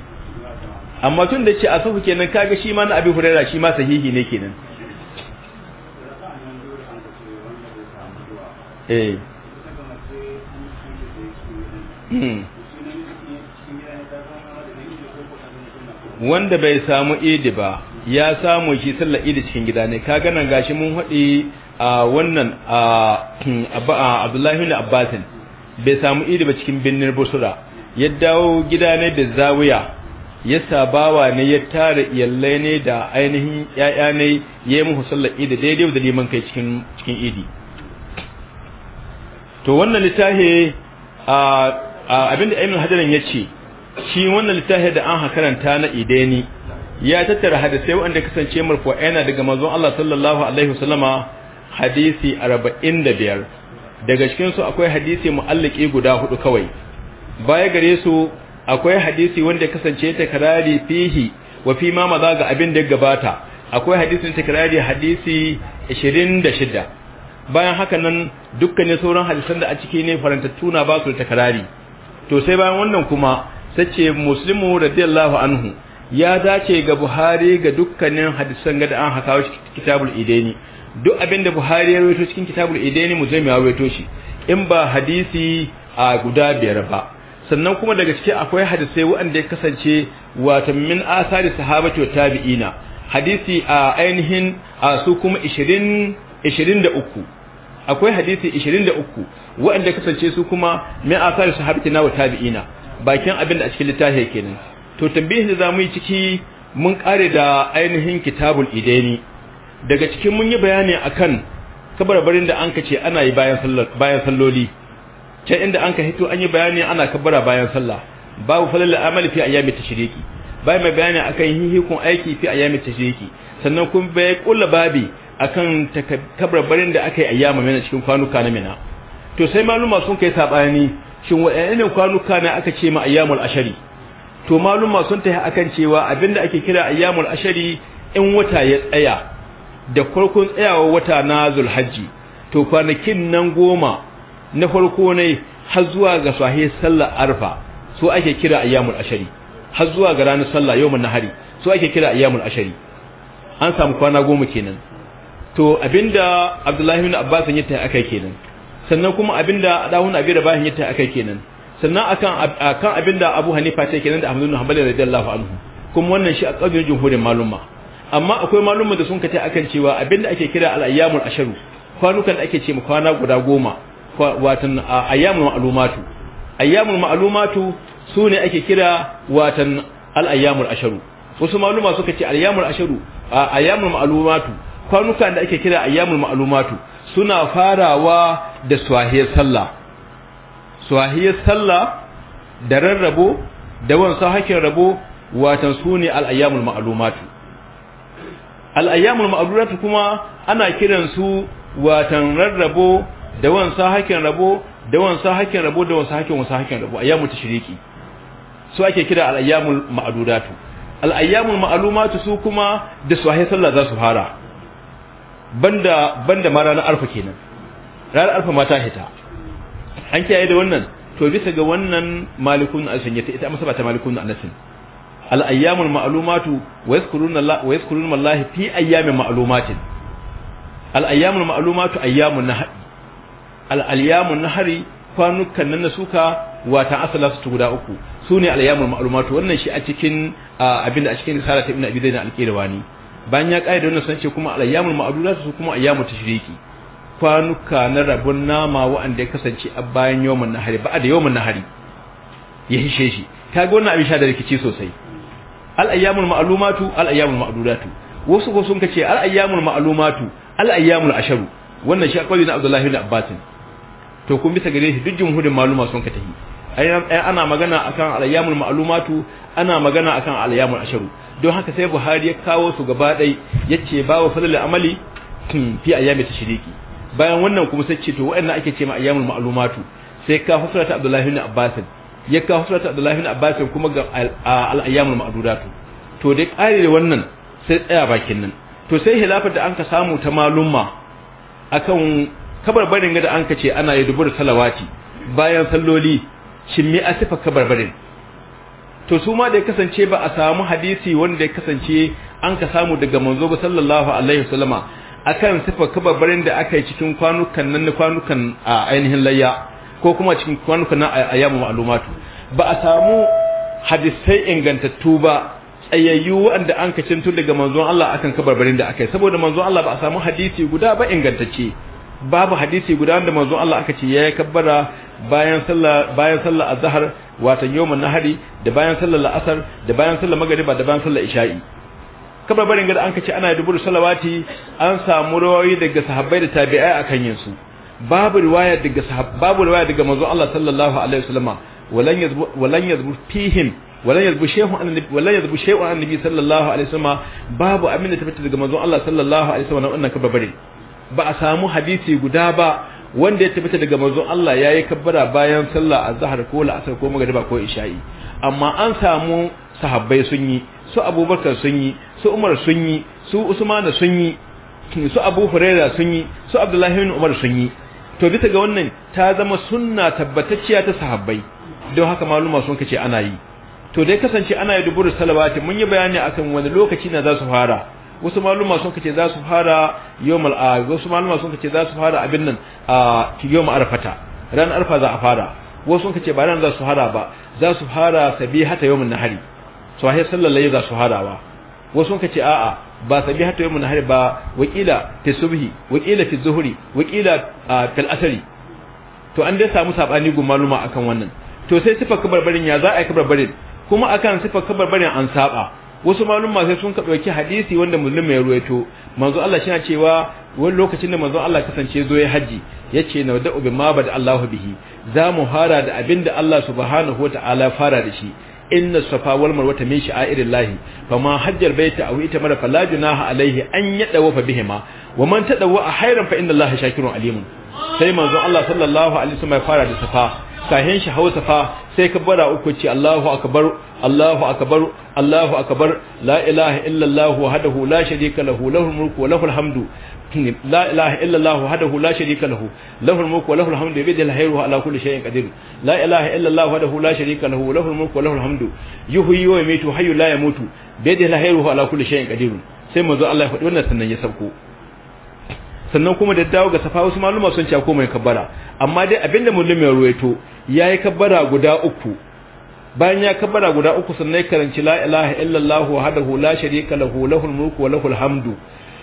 amma tun da ce asafu kenan kaga shi ma na Abi Huraira shi ma sahihi ne kenan eh hmm. wanda bai samu idi ba ya samu shi sallar idi cikin gida ne ka ganan gashi mun haɗe a wannan *clears throat* abdullahi bin abbasin bai samu idi ba cikin birnin busura ya dawo gida ne da zawiya ya sabawa ne ya tara iyalai ne da ainihin ya'ya ne ya yi muhu sallar idi daidai da liman kai cikin idi to wannan littafi abinda aimin hadarin ya ce shi wannan littafi da an hakaranta na idani ya tattara hadisai wanda kasance marfu yana daga manzon Allah sallallahu alaihi wasallama hadisi 45 daga cikin su akwai hadisi mu'alliki guda hudu kawai baya gare su akwai hadisi wanda kasance takrari fihi wa fi ma maza ga abin da gabata akwai hadisin takrari hadisi 26 bayan haka nan dukkanin sauran hadisan da a ciki ne farantattu na ba su takrari to sai bayan wannan kuma sace muslimu radiyallahu anhu ya dace ga buhari ga dukkanin hadisan ga da an haka shi kitabul idaini duk abinda buhari ya rawaito cikin kitabul idaini mu zai mu rawaito shi in ba hadisi a guda biyar ba sannan kuma daga cikin akwai hadisai wanda ya kasance wato min asari sahabati wa tabi'ina hadisi a ainihin a su kuma 20 23 akwai hadisi 23 wanda kasance su kuma min asari sahabati na wa tabi'ina bakin abinda a cikin littafi kenan to tambayin da zamu yi ciki mun kare da ainihin kitabul idani daga cikin mun yi bayani akan kabarbarin da an ce ana yi bayan bayan salloli can inda an ka hito an yi bayani ana kabbara bayan sallah babu falal amali fi ayyami tashriki bai mai bayani akan hihikun aiki fi ayyami tashriki sannan kun bai kula babi akan kabarbarin da aka yi ayyama mena cikin kwanuka na mina to sai maluma sun kai sabani shin wa'annan kwanuka ne aka ce ma ayyamul ashari to maluma sun tafi akan cewa abinda ake kira ayyamul ashari in wata ya tsaya da farkon tsayawa wata na zulhajji to kwanakin nan goma na farko ne har zuwa ga sahi sallar arfa so ake kira ayyamul ashari har zuwa ga ranar sallah yawmun nahari so ake kira ayyamul ashari an samu kwana goma kenan to abinda abdullahi bin abbas ya tafi akai kenan sannan kuma abinda adawun abi rabahin ya ta akai kenan sannan akan akan abinda Abu Hanifa ce kenan da Ahmad ibn Hanbal radiyallahu anhu kuma wannan shi a kaulin jumhurin maluma amma akwai maluma da sun kace akan cewa abinda ake kira al-ayyamul asharu kwanukan da ake ce mu kwana guda goma watan ayyamul ma'lumatu ayyamul ma'lumatu sune ake kira watan al-ayyamul asharu wasu maluma suka ce ayyamul asharu ayyamul ma'lumatu kwanukan da ake kira ayyamul ma'lumatu suna farawa da suwahiyar sallah swahiyar sallah da rarrabo da wansu hakin rabo watan su ne al'ayyamul ma'alumatu al'ayyamul ma'alumatu kuma ana kiransu watan rarrabo da wansu hakin rabo da wansu hakin rabo da wansu hakin wansu hakin rabo ta shiriki su ake kira al'ayyamul ma'alumatu al'ayyamul ma'alumatu su kuma da swahiyar sallah za su fara banda da ma ranar arfa kenan ranar arfa ma ta hita an kiyaye da wannan to bisa ga wannan malikun anas ya ita amsa ba ta malikun anas al ayyamul ma'lumatu wa yadhkuruna Allah wa yadhkuruna Allah fi ayyamin ma'lumatin al ayyamul ma'lumatu ayyamun nahar al ayyamun nahari kwanukan nan na suka wata asala su guda uku su ne al-ayyamul ma'lumatu wannan shi a cikin abinda a cikin risala ta ibn abi zaid al-qirawani bayan ya kaida wannan sun ce kuma al-ayyamul ma'lumatu su kuma ayyamu tashriki kwanuka na rabon nama wa'anda ya kasance a bayan yawon nahari ba a da yawon nahari ya hishe shi ta ga wannan abin sha da rikici sosai al'ayyamul ma'alumatu al'ayyamul ma'adudatu wasu ko sun kace al'ayyamul ma'alumatu al'ayyamul asharu wannan shi akwai na Abdullahi ibn Abbas to kun bisa gare shi duk jumhurin maluma sun ka tafi ana magana akan al'ayyamul ma'alumatu ana magana akan al'ayyamul asharu don haka sai Buhari ya kawo su gaba ɗaya yace babu fadlul amali fi ayyami tashriqi bayan wannan kuma sai ce to wa'annan ake ce ma ayyamul ma'lumatu sai ka husra ta Abdullahi ibn Abbas ya ka husra ta Abdullahi ibn Abbas kuma ga al ayyamul ma'dudatu to dai kare da wannan sai tsaya bakin nan to sai hilafar da anka samu ta malumma akan ga da anka ce ana yi dubur salawati bayan salloli shin me asifa kabar-barin to su ma da ya kasance ba a samu hadisi wanda ya kasance an ka samu daga manzo sallallahu alaihi wasallama akan sifa kababarin da aka yi cikin kwanukan nan na kwanukan a ainihin layya ko kuma cikin kwanukan nan a yamu ma'alumatu ba a samu hadisai ingantattu ba tsayayyu wanda an ka cintu daga manzon Allah akan kababarin da aka yi saboda manzon Allah ba a samu hadisi guda ba ingantacce babu hadisi guda wanda manzon Allah aka ce ya yi kabbara bayan sallah bayan sallah azhar wato yawmun nahari da bayan sallah la'asar da bayan sallah magriba da bayan sallah isha'i kabarin ga gada an kace ana dubur salawati an samu rawayi daga sahabbai da tabi'ai akan yin su babu riwaya daga sahab babu riwaya daga manzo Allah sallallahu alaihi wasallama walan yazbu walan yazbu fihim walan yazbu shay'un nabi walan yazbu shay'un nabi sallallahu alaihi wasallama babu amina da ta fita daga manzo Allah sallallahu alaihi wasallama wannan kabarin ba a samu hadisi guda ba wanda ya tabbata daga manzo Allah yayi kabbara bayan sallah azhar ko la'asar ko magriba ko isha'i amma an samu sahabbai sun yi su abubakar sun yi su umar sun yi su usman sun yi *clears throat* su abu huraira sun yi su abdullahi bin umar sun yi to bisa ga wannan ta zama sunna tabbatacciya ta sahabbai don haka maluma sun kace ana yi to dai kasance ana yi duburu salawati mun yi bayani akan wani lokaci na za su fara wasu maluma sun kace za su fara yawmal a wasu maluma sun kace za su fara abin nan a yawmal arfata ran arfa za a fara wasu sun kace ba ran za su fara ba za su fara sabihata yawmin nahari to ahe sallar layi za su hadawa wasu ka ce a'a ba sabi hatta yi munahari ba wakila fi subhi wakila fi zuhuri wakila fil asari to an dai samu sabani gun maluma akan wannan to sai sifa kabarbarin ya za a yi kabarbarin kuma akan sifa kabarbarin an saba wasu maluma sai sun dauki hadisi wanda musulmi ya ruwaito manzo Allah shi cewa wani lokacin da manzo Allah kasance zo ya haji ya na wadda ubi ma bad Allahu bihi za mu fara da abin Allah subhanahu wa ta'ala fara da shi inna safa wal marwata min sha'irillah fama hajjar baita aw ita mara fala junaha alaihi an yadawafa bihima wa man a khairan fa inna allaha shakirun alimun sai manzon Allah sallallahu alaihi wasallam ya fara da safa sahin shi hawa safa sai ka bara uku ce Allahu akbar Allahu akbar Allahu akbar la ilaha illa Allah wahdahu la sharika lahu lahul mulku wa lahul لا اله الا الله وحده لا شريك له له الملك وله الحمد بيد الخير على كل شيء قدير لا اله الا الله وحده لا شريك له له الملك وله الحمد يحيي ويميت حي لا يموت بيد الخير على كل شيء قدير sai manzo Allah ya faɗi wannan sannan ya sauko sannan kuma da dawo ga safa wasu maluma sun ce ko mai kabbara amma dai abinda mulmi ya ruwaito yayi kabbara guda uku bayan ya kabbara guda uku sannan ya karanci la ilaha illallah wahdahu la sharika lahu lahul mulku wa lahul hamdu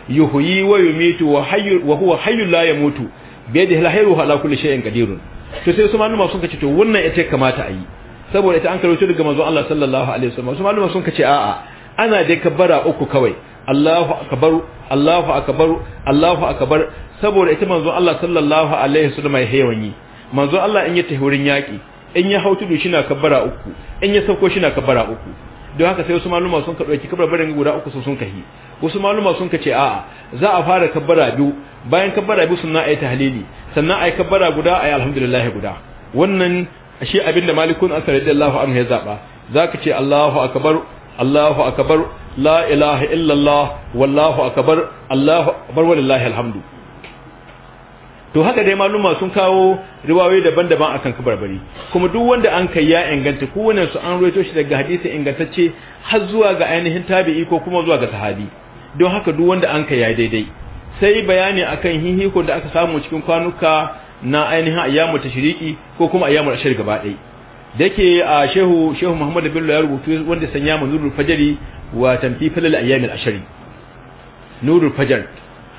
yuhyi wa yumitu wa hayyu wa huwa hayyul la yamutu bi yadihi al-khayru wa ala kulli shay'in qadir to sai su malluma sun kace to wannan ita kamata a yi saboda ita an karanto daga manzo Allah sallallahu alaihi wasallam su malluma sun kace a'a ana dai kabbara uku kawai Allahu akbar Allahu akbar Allahu akbar saboda ita manzo Allah sallallahu alaihi wasallam ya hewani manzo Allah in ya tafi wurin yaki in ya hautu shi na kabbara uku in ya sauko shi na kabbara uku don haka sai wasu maluma sun ka ɗauki kabarbarin guda uku su sun kahi wasu maluma sun ka ce a'a za a fara kabbara biyu bayan kabbara biyu sunna ta halili sannan a yi kabbara guda a yi alhamdulillah guda wannan shi abinda malikun asar radiyallahu anhu ya zaba za ka ce Allahu akbar Allahu akbar la ilaha illallah wallahu akbar Allahu akbar walillahi alhamdu to haka dai maluma sun kawo riwayoyi daban-daban akan kabarbari kuma duk wanda an kai ya inganta kowanne su an ruwaito shi daga hadisi ingantacce har zuwa ga ainihin tabi'i ko kuma zuwa ga sahabi don haka duk wanda an kai ya daidai sai bayani akan hihiko da aka samu cikin kwanuka na ainihin ayyamu tashriki ko kuma ayyamu ashir gaba dai dake a shehu shehu muhammad bello ya rubutu wanda sanya mu nurul fajri wa tanfifal ayyamil ashir nurul fajr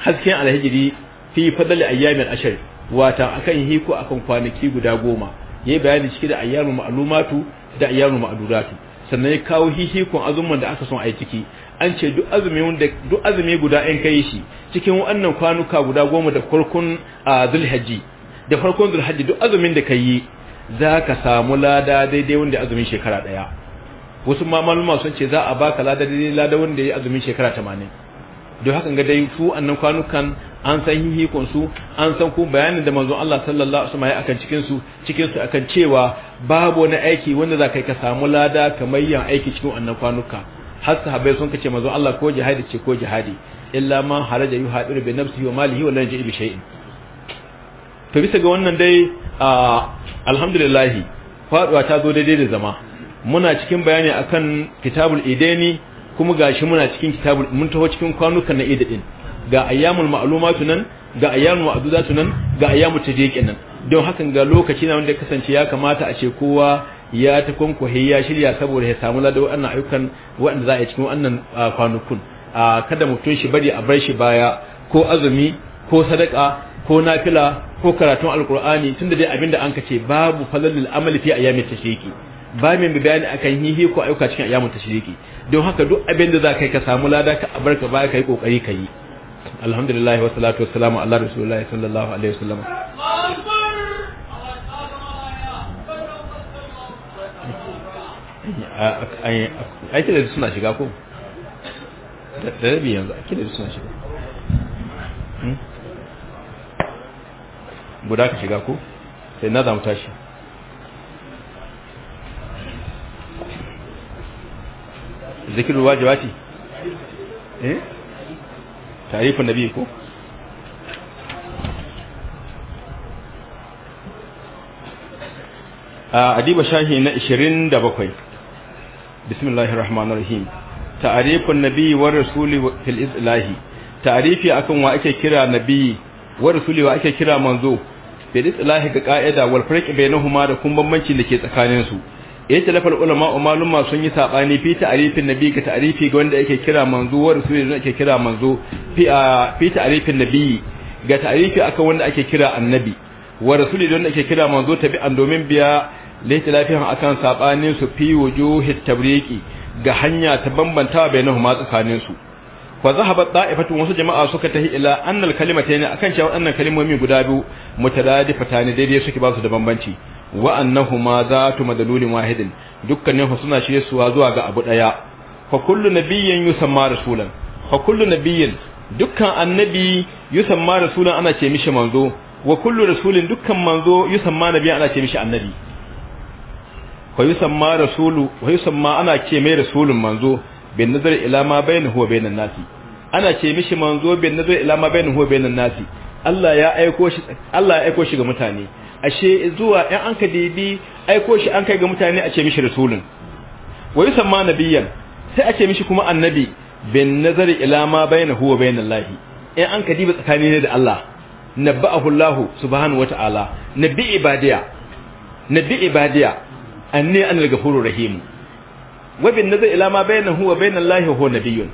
hasken alhijri fi fadali ayyamin ashar wata akan hiko akan kwanaki guda goma yayi bayani ciki da ayyamin ma'lumatu da ayyamin ma'dudatu sannan ya kawo hihikon azumin da aka son a yi ciki an ce duk azumi wanda duk azumi guda in kai shi cikin wannan kwanuka guda goma da farkon zulhajji da farkon zulhaji duk azumin da kai za ka samu lada daidai wanda azumin shekara daya wasu ma maluma sun ce za a baka lada daidai lada wanda ya azumin shekara tamanin. don haka ga dai su annan kwanukan an san hihikon su an san kuma bayanin da manzon Allah sallallahu alaihi wasallam ya akan cikin su cikin su akan cewa babu wani aiki wanda za ka samu lada kamar yan aiki cikin annan kwanuka har sahabbai sun kace manzon Allah ko jihadi ce ko jihadi illa ma haraja yuhadiru bi nafsihi wa malihi wa lan bi shay'in to bisa ga wannan dai alhamdulillah faduwa ta zo daidai da zama muna cikin bayani akan kitabul idani kuma gashi muna cikin kitabul mun taho cikin kwanukan na ida din ga ayyamul ma'lumatu nan ga ayyamu ma'dudatu nan ga ayyamu tajiqin nan don hakan ga lokaci na wanda kasance ya kamata a ce kowa ya ta kunkuhi ya shirya saboda ya samu ladan wannan ayyukan waɗanda za a yi cikin wannan kwanukun kada mutum shi bari a bar shi baya ko azumi ko sadaka ko nafila ko karatun alkur'ani tunda dai abinda an kace babu falalil amali fi ayyamit tashriqi ba mai mai bayani akan hihi ko ayyuka cikin ayyamun tashriki don haka duk abin da za ka yi ka samu lada ka abarka baya ka yi kokari ka yi alhamdulillah wa salatu wa salamu ala rasulullahi sallallahu alaihi wasallam ai kila suna shiga ko da rabi yanzu ai kila suna shiga hmm? guda ka shiga ko sai na zamu tashi zikirul wajibati eh tarifin nabi ko a adiba shahi na 27 bismillahir rahmanir rahim ta'rifun nabi wa rasuli fil islahi ta'rifi akan wa ake kira nabi wa rasuli wa ake kira manzo fil islahi ga ka'ida wal farq bainahuma da kun bambanci dake tsakanin su yace lafal ulama wa maluma sun yi sabani fi ta'rifin nabi ga ta'rifi ga wanda yake kira manzo wa rasulullahi yake kira manzo fi fi ta'rifin nabi ga ta'rifi akan wanda ake kira annabi wa rasulullahi wanda ake kira manzo an domin biya laita lafiyan akan sabanin su fi wujuhi tabriqi ga hanya ta bambanta bainahuma tsakanin su fa zahabat da'ifatun wasu jama'a suka tahi ila annal kalimatayn akan cewa waɗannan kalmomi guda biyu mutadadifatan daidai suke ba su da bambanci wa annahuma zatu madalulin wahidin dukkanin suna shiryesuwa zuwa ga abu daya fa kullu nabiyyin yusamma rasulan fa kullu nabiyyin dukkan annabi yusamma rasulan ana ce mishi manzo wa kullu rasulin dukkan manzo yusamma nabi ana ce mishi annabi wa yusamma rasulu wa yusamma ana ce mai rasulun manzo bin nazar ila ma bainahu wa bainan nasi ana ce mishi manzo bin nazar ila ma bainahu wa bainan nasi Allah ya aiko shi Allah ya aiko shi ga mutane ashe zuwa in an ka dibi aiko shi an kai ga mutane a ce mishi rasulun wa yusamma nabiyan sai a ce mishi kuma annabi bin nazari ila ma huwa wa bainallahi in an ka diba tsakani ne da Allah nabahu Allah subhanahu wata'ala nabi ibadiya nabi ibadiya anni anil ghafurur rahim wa bin nazari ila ma huwa wa bainallahi huwa nabiyyun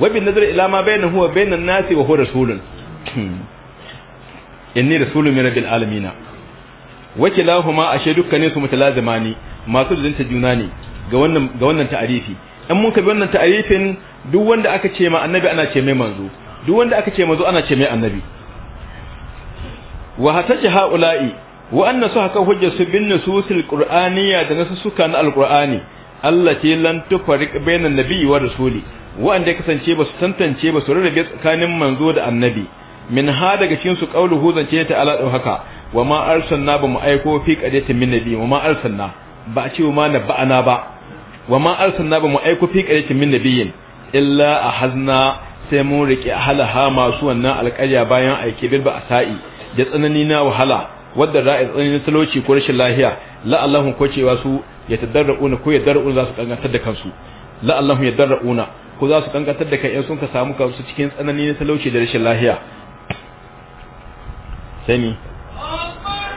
wa bin nazari ila ma bainahu wa bainan nasi wa huwa rasulun hmm. inni rasulun min rabbil alamin wakilahuma ashe dukkanin su ne masu zunta juna ne ga wannan ga wannan ta'arifi in mun kabi wannan ta'arifin duk wanda aka ce ma annabi ana ce mai manzo duk wanda aka ce manzo ana ce mai annabi wa hataji haula'i wa anna su haka hujja su bin nususil qur'aniyya da nasu suka na alqur'ani Allah ce lan tufariq bainan nabiyyi wa rasuli wa'anda kasance ba su tantance ba su rarrabe tsakanin manzo da annabi min ha daga cikin su qauluhu zance ta ala haka wa ma arsalna ba mu aiko fi qadatin min nabi wa ma arsalna ba a ce wa ma nabana ba wa ma arsalna ba mu aiko fi qadatin min nabiyyin illa ahazna sai mun rike halaha masu wannan alƙarya bayan aike bil sa'i da tsanani na wahala wadda ra'i tsananin talauci ko rashin lahiya la'allahu ko cewa su ya tadarrauna ko ya darrauna za su kangantar da kansu la'allahu ya darrauna ko za su kangantar da kai sun ka samu kansu cikin tsanani na talauci da rashin lahiya Sani.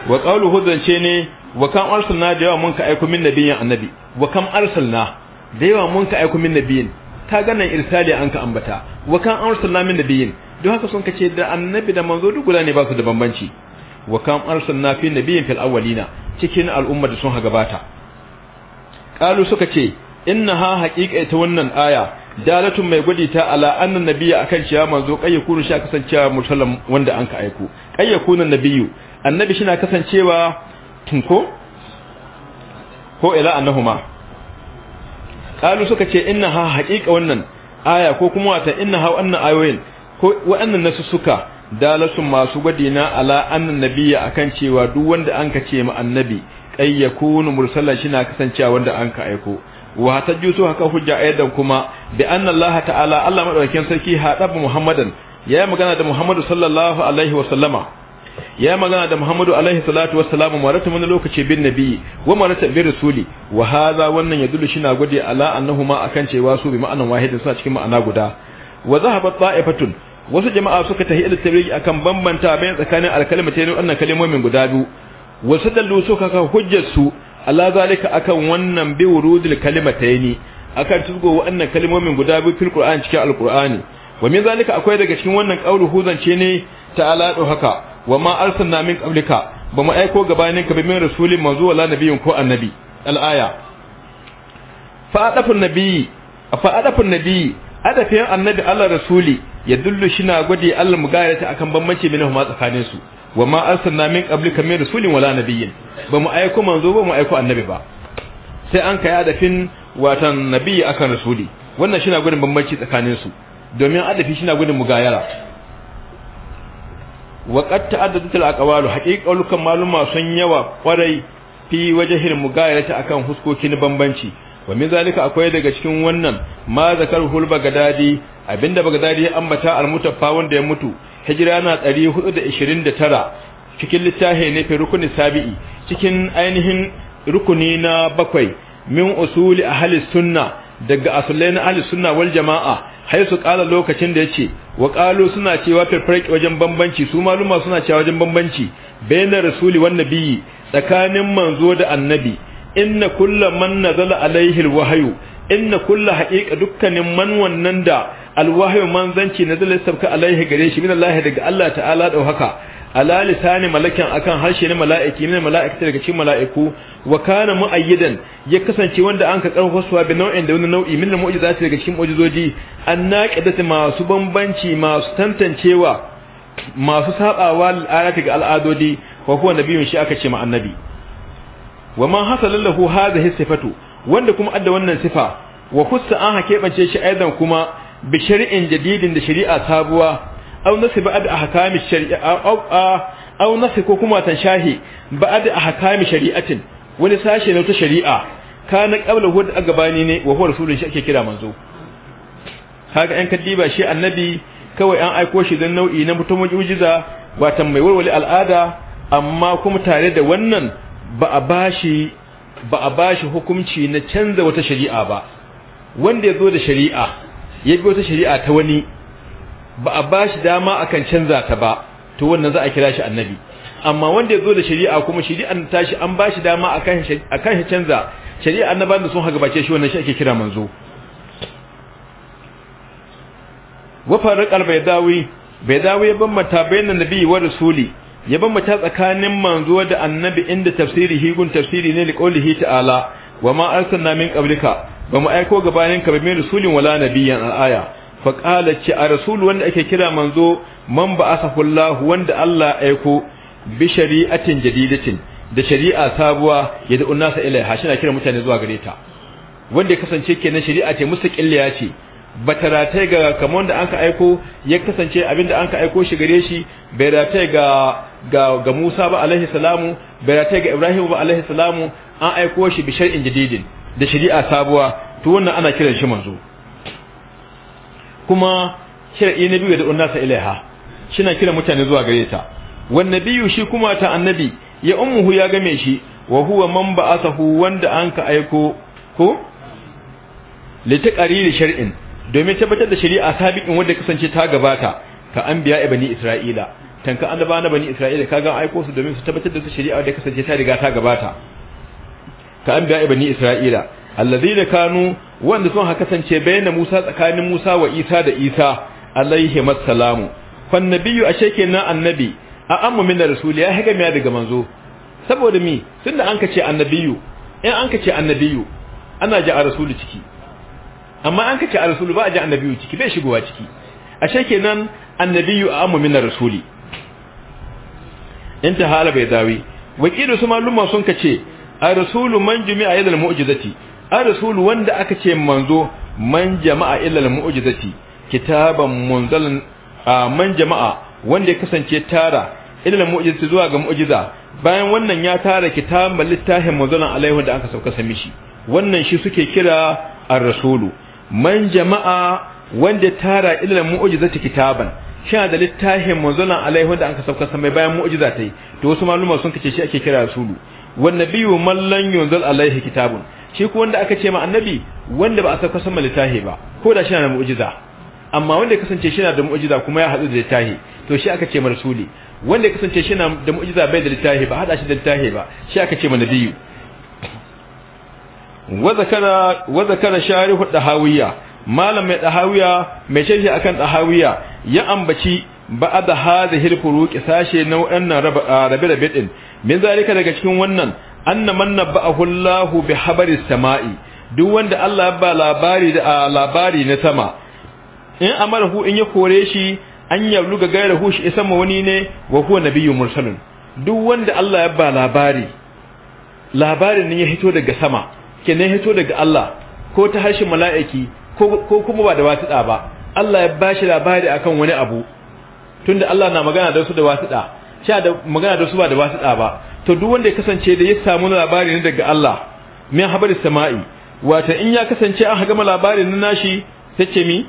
wa qawlu hudance ne wa kam arsalna da yawa mun ka aiko min nabiyin annabi wa kam arsalna da yawa mun ka aiko min nabiyin ka ga nan irsali an ka ambata wa kam arsalna min nabiyin don haka sun kace da annabi da manzo duk guda ne ba su da bambanci wa kam arsalna fi nabiyin fil awwalina cikin al'umma da sun haga bata. qalu suka ce inna ha haqiqa ita wannan aya dalatun mai gwadi ta ala annan nabiyya akan cewa manzo kayyakunu sha kasancewa musallam wanda an ka aiko kayyakunu nabiyyu annabi shi na kasancewa tunko ko ila annahuma Ƙalu suka ce inna ha haƙiƙa wannan aya ko kuma wata inna ha wannan ayoyin ko waɗannan nasu suka dalasu masu gwadina ala annan nabiyya akan cewa duk wanda anka ce ma annabi ay yakunu shi na kasancewa wanda anka aiko wa tajjusu haka hujja ayatan kuma bi anna Allah ta'ala Allah madaukakin sarki haɗa Muhammadan yi magana da Muhammadu sallallahu alaihi wa sallama ya magana da Muhammadu alaihi salatu wassalamu marata wani lokaci bin nabi wa marata bi rasuli wa hadha wannan yadullu shina gode ala annahuma akan cewa su bi ma'anan wahidin suna cikin ma'ana guda wa zahabat ta'ifatun wasu jama'a suka tahi ila tabrigi akan bambanta bayan tsakanin alkalmatain wannan kalmomin guda biyu wasu dallu suka ka hujjar su ala zalika akan wannan bi wurudil kalimataini akan tugo wannan kalmomin guda biyu fil qur'ani cikin alqur'ani wa min zalika akwai daga cikin wannan qawlu huzance ne ta'ala do haka wa ma arsalna min qablika ba mu aiko gabanin ka min rasulin manzo wala nabiyin ko annabi al-aya fa adafun nabiyyi fa adafun nabiyyi adafin annabi Allah rasuli ya shi shina gwade Allah mugayata akan bambanci min huma tsakanin su wa ma arsalna min qablika min rasulin wala nabiyyin ba mu aiko manzo ba mu aiko annabi ba sai an kai adafin watan nabiyyi akan rasuli wannan shina gudun bambanci tsakanin su domin adafi shina gudun mugayara wa qad ta'addadat al-aqwalu haqiqalukan maluma sun yawa kwarai fi wajhil mugayarati akan huskokin bambanci wa min zalika akwai daga cikin wannan ma hulba gadadi abinda bagdadi ya ambata al-mutaffa wanda ya mutu hijira na 429 cikin littafi ne fi rukuni sabi'i cikin ainihin rukuni na bakwai min usuli ahli sunna daga asulai na ahli sunna wal jama'a hai su kala lokacin da ya wa qalu suna cewa farfarki wajen bambanci su maluma suna cewa wajen bambanci bayna rasuli wan nabiyyi tsakanin manzo da annabi inna kulla man nazala alaihi alwahyu inna kulla haqiqa dukkanin man wannan da alwahyu manzanci nazala sabka alaihi gare shi min Allah daga Allah ta'ala dau haka. ala lisani malakin akan harshe na mala'iki ne ta daga cikin mala'iku wa kana mu'ayyidan ya kasance wanda an ka karfafa suwa bi nau'in da wani nau'i min ta daga cikin mu'jizoji annaqidati masu bambanci masu tantancewa masu sabawa al'adati ga al'adodi wa huwa nabiyyun shi aka ce ma annabi wa ma hasala lahu hadhihi sifatu wanda kuma adda wannan sifa wa kusa an hakebance shi aidan kuma bi shari'in jadidin da shari'a sabuwa aw nasi ba'd ahkami shari'a aw aw nasi ko kuma tan shahi ba'd ahkami shari'atin wani sashe na ta shari'a kana qabla hud a gabani ne wa huwa shi ake kira manzo kaga an kaddiba shi annabi kawai an aiko shi dan nau'i na mutum ujiza watan mai walwali al'ada amma kuma tare da wannan ba a bashi ba a bashi hukunci na canza wata shari'a ba wanda ya zo da shari'a ya bi wata shari'a ta wani ba a ba shi dama akan canza ta ba to wannan za a kira shi annabi amma wanda ya zo da shari'a kuma shari'an shi an ba shi dama a kan shi canza shari'a annaban da sun haga bace shi wannan shi ake kira manzo wa farq al-baydawi baydawi ya bambanta bainan nabi wa rasuli ya bambanta tsakanin manzo da annabi inda tafsiri higun tafsiri ne liqaulihi ta'ala wa ma arsalna min qablika bamu aiko gabanin ka bi rasulin wala nabiyyan al-aya faƙala ce a rasulu wanda ake kira manzo man ba asafullahu wanda Allah aiko bi shari'atin jadidatin da shari'a sabuwa ya da unnasa ilai ha shina kira mutane zuwa gare ta wanda ya kasance kenan shari'a ce mustaqilliya ce ba ta ratai ga kamar da anka aiko ya kasance abinda anka aiko shi gare shi bai ratai ga ga ga Musa ba alaihi salamu bai ratai ga Ibrahim ba alaihi salamu an aiko shi bi shar'in jadidin da shari'a sabuwa to wannan ana kiran shi manzo kuma shir'i na biyu da unnasa ilaiha shina kira mutane zuwa gare ta wan nabiyyu shi kuma ta annabi ya ummuhu ya game shi wa huwa man ba'athahu wanda anka aiko ko litaqariri shar'in domin tabbatar da shari'a sabiqin wanda kasance ta gabata ka anbiya ibni isra'ila tanka annaba na bani isra'ila kaga aiko su domin su tabbatar da su shari'a da kasance ta riga ta gabata ka anbiya ibni isra'ila alladhina kanu wanda sun haka kasance bayyana Musa tsakanin Musa wa Isa da Isa alaihi massalamu fan nabiyyu ashe kenan annabi a amma min rasul ya haga miya daga manzo saboda mi tunda an kace annabiyu in an kace annabiyu ana ji a rasuli ciki amma an kace a rasulu ba a ji annabiyu ciki bai shigowa ciki ashe kenan annabiyu a amma min rasuli hala bai dawi wakilu su maluma sun kace a rasulu man jumi'a yadal mu'jizati الرسول rasul wanda aka ce manzo man jama'a كتابا منزل من kitaban munzalan man jama'a wanda ya kasance tara illa al zuwa ga mu'jiza bayan wannan ya tara kitaban malittahin munzalan alaihi da aka sauka sami shi wannan shi suke kira ar-rasulu man jama'a wanda ya tara ilal mujizati kitaban sha da littahin munzalan alaihi da aka sauka sami bayan mu'jiza ta yi to wasu maluma sun kace shi ake kira rasulu wan nabiyyu man lan yunzal alaihi kitabun shi ko wanda aka ce ma annabi wanda ba a sauka sama littahi ba ko da shi na da mu'jiza amma wanda ya kasance shi na da mu'jiza kuma ya hadu da littahi to shi aka ce ma rasuli wanda ya kasance shi na da mu'jiza bai da littahi ba hada shi da littahi ba shi aka ce ma nabiyu wa zakara wa zakara sharihu dahawiya malam mai dahawiya mai sharhi akan dahawiya ya ambaci ba'da hadhihi al-furuq sashe na wadannan rabe-rabe din min zalika daga cikin wannan anna man nabba'ahu Allahu bi habari sama'i duk wanda Allah ya ba labari da labari na sama in amarahu in ya kore shi an yablu ga gairahu shi isa ma wani ne wa huwa nabiyyu mursalun duk wanda Allah ya ba labari labarin ne ya hito daga sama kenan hito daga Allah ko ta harshen mala'iki ko kuma ba da wasiɗa ba Allah ya bashi labari akan wani abu tunda Allah na magana da su da wasiɗa sha da magana da su ba da ba to duk wanda ya kasance da ya samu labari ne daga Allah min habari sama'i wata in ya kasance an hagama labarin na nashi tace mi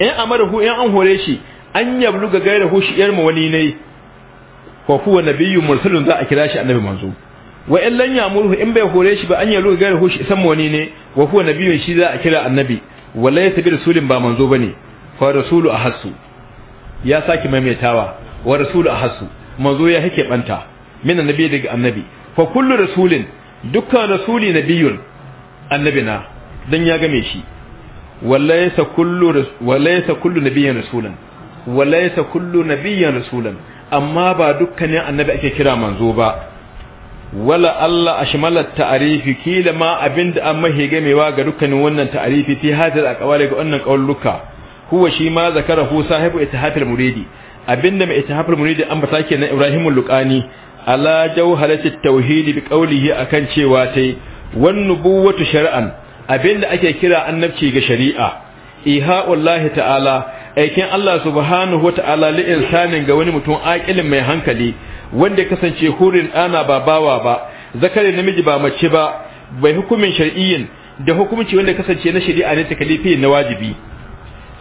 in amarahu in an hore shi an yablu ga gaira hu shi yar mawali ne ko huwa nabiyyu mursalun za a kira shi annabi manzo wa in lan yamuru in bai hore shi ba an yablu ga gaira hu shi san mawali ne wa huwa nabiyyu shi za a kira annabi walaysa bi rasulin ba manzo bane fa rasulu ahassu ya saki maimaitawa wa rasulu ahassu manzo ya hake banta min annabi daga annabi fa kullu rasulin dukkan rasuli nabiyun annabina dan ya game shi walaysa kullu walaysa kullu nabiyyan rasulan walaysa kullu nabiyyan rasulan amma ba dukkanin annabi ake kira manzo ba wala Allah ashmala ta'rifi kila ma abinda an mahi gamewa ga dukkanin wannan ta'rifi fi hadal aqwali ga wannan qauluka huwa shi ma zakara hu sahibu itihatil muridi abinda mai ittihaful da an ke na Ibrahim Luqani ala jawhalatit tauhid bi qawlihi akan cewa tai wan nubuwatu shar'an abinda ake kira annabci ga shari'a iha wallahi ta'ala aikin Allah subhanahu wa ta'ala li insanin ga wani mutum aqilin mai hankali wanda kasance hurin ana ba bawa ba zakari namiji ba mace ba bai hukumin shar'iyyin da hukumci wanda kasance na shari'a ne ta takalifi na wajibi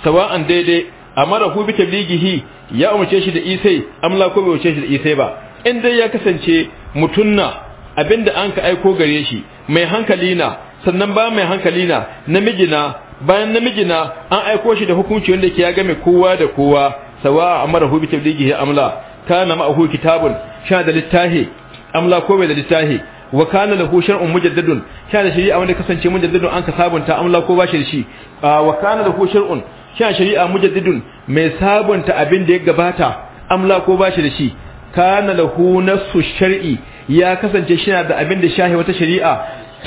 sawa'an daidai amara ku bi tablighihi ya umce shi da isai amla ko bai umce shi da isai ba in dai ya kasance mutunna abinda an ka aiko gare shi mai hankali na sannan ba mai hankali na namiji na bayan namiji na an aiko shi da hukunci wanda ke ya game kowa da kowa sawa amara ku bi tablighihi amla kana ahu kitabun sha da littahi amla ko bai da littahi wa kana lahu shar'un mujaddadun sha da a wanda kasance mujaddadun an ka sabunta amla ko ba shi da shi ah, wa kana lahu shar'un shi a shari'a mujaddidun mai sabunta abin da ya gabata amla ko ba shi da shi kana lahu nasu shar'i ya kasance shi da abin da shahi wata shari'a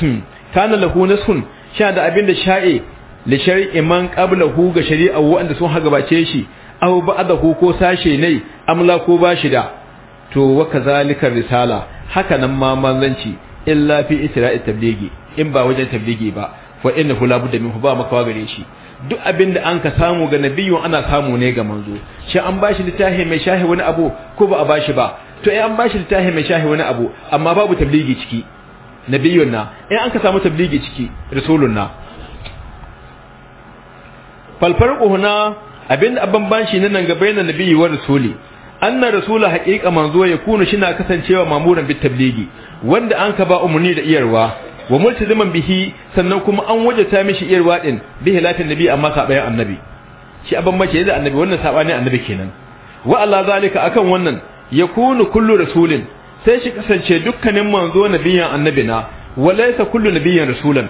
hmm. kana lahu nasun shi da abin da sha'i li shar'i man qablahu ga shari'a wanda sun hagabace shi aw ba'dahu ko sashe ne amla ko ba shi da to wa kazalika risala haka nan ma manzanci illa fi isra'i tabligi in ba wajen tabligi ba fa innahu la budda minhu ba makawa gare shi duk abin da an ka samu ga nabiyu ana samu ne ga manzo shi an bashi littafi mai shahi wani abu ko ba a bashi ba to eh an bashi littafi mai shahi wani abu amma babu tabligi ciki nabiyun na eh an ka samu tabligi ciki rasulun na falfarqu huna abinda abban bashi nan nan ga bainan nabiyyi wa rasuli anna rasula haqiqa manzo ya shi shina kasancewa mamuran bit tabligi wanda an ka ba umuni da iyarwa wa multiziman bihi sannan kuma an wajata mishi iyar ruwadin bihi latin nabi amma sabayan annabi shi abin mace da annabi wannan sabani annabi kenan wa Allah zalika akan wannan yakunu kullu rasulin sai shi kasance dukkanin manzo nabiyan annabina walaysa kullu nabiyan rasulan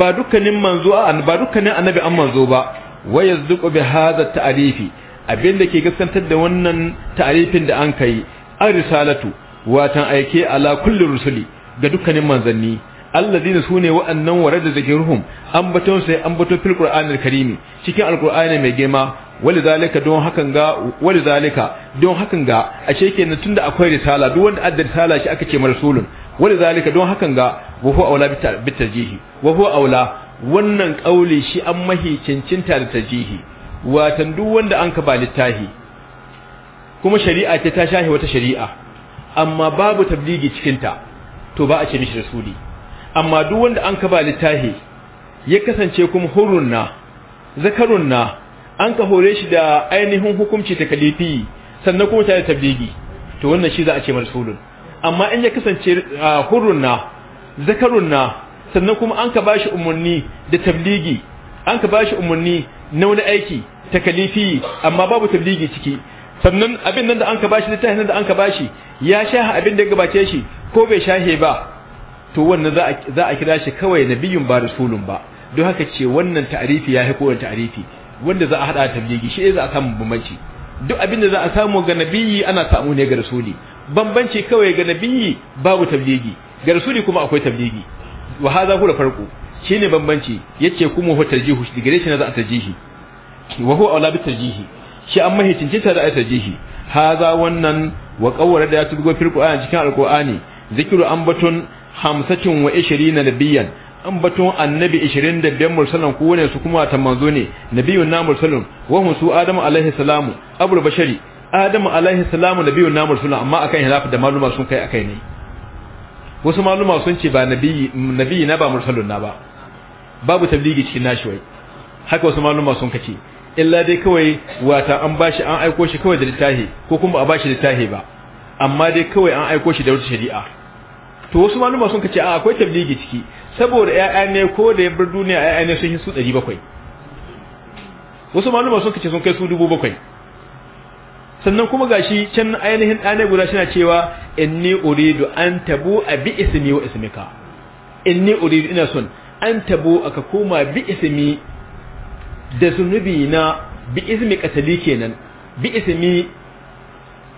ba dukkanin manzo ba dukkanin annabi an manzo ba wa yazduqu bi hadha ta'rifi abinda ke gaskantar da wannan ta'rifin da an kai an risalatu watan aike ala kulli rusuli ga dukkanin manzanni alladina sune wa'annan warada An ambaton sai an fil qur'anil karimi cikin alqur'ani mai girma walizalika don hakan ga walizalika don hakan ga ashe kenan tunda akwai risala duk wanda adda risala shi aka ce marsulun walizalika don hakan ga wa huwa aula bitarjihi wa huwa aula wannan kauli shi an mahi cincinta da tarjihi watan duk wanda an ka ba littahi kuma shari'a ce ta shahi wata shari'a amma babu tabligi cikinta to ba a ce mishi rasuli amma duk wanda an ka ba littahi ya kasance kuma hurunna zakarunna an ka hore shi da ainihin hukunci ta kalifi sannan kuma tare da tabligi to wannan shi za a ce marsulun amma in ya kasance hurunna zakarunna sannan kuma an ka ba shi umarni da tabligi an ka ba shi umarni na wani aiki ta kalifi amma babu tabligi ciki sannan abin nan da an ka bashi littafin da an ka ba shi ya shaha abin da ya gabace shi ko bai shahe ba to wannan za a kira shi kawai nabiyun ba rasulun ba don haka ce wannan ta'arifi ya haiko wannan ta'arifi wanda za a hada tabligi shi za a samu bambanci duk abin da za a samu ga nabiyyi ana samu ne ga rasuli bambanci kawai ga nabiyyi babu tabligi ga rasuli kuma akwai tabligi wa hadha farko. Shi shine bambanci yace kuma huwa tarjihu shi gare shi na za a tarjihi wa huwa aula bi tarjihi shi an mahicinci cincinta da a tarjihi haza wannan wa qawwara da ya tugo fil qur'ani cikin alqur'ani zikiru ambatun hamsatin wa ishirina nabiyan an batun annabi 25 mursalan ko ne su kuma ta manzo ne nabiyun na mursalun wa hum su adamu alaihi salamu abul bashari adamu alaihi salamu nabiyun na mursalun amma akan hilaf da maluma sun kai akai ne wasu maluma sun ce ba nabiyi nabiyi na ba mursalun na ba babu tabligi cikin nashi wai haka wasu maluma sun kace illa dai kawai wata an bashi an aiko shi kawai da littahi ko kuma a bashi littahi ba amma dai kawai an aiko shi da wata shari'a to wasu ma numa sun ce a akwai tabligi ciki saboda ƴaƴa ne ko da ya bar duniya ƴaƴa ne sun yi su 700 wasu ma numa sun ce sun kai su 700 sannan kuma gashi can ainihin ɗane guda suna cewa inni uridu an tabu a bi ismi wa ismika inni uridu ina son an tabu aka koma bi ismi da zunubi na bi ismi katali kenan bi ismi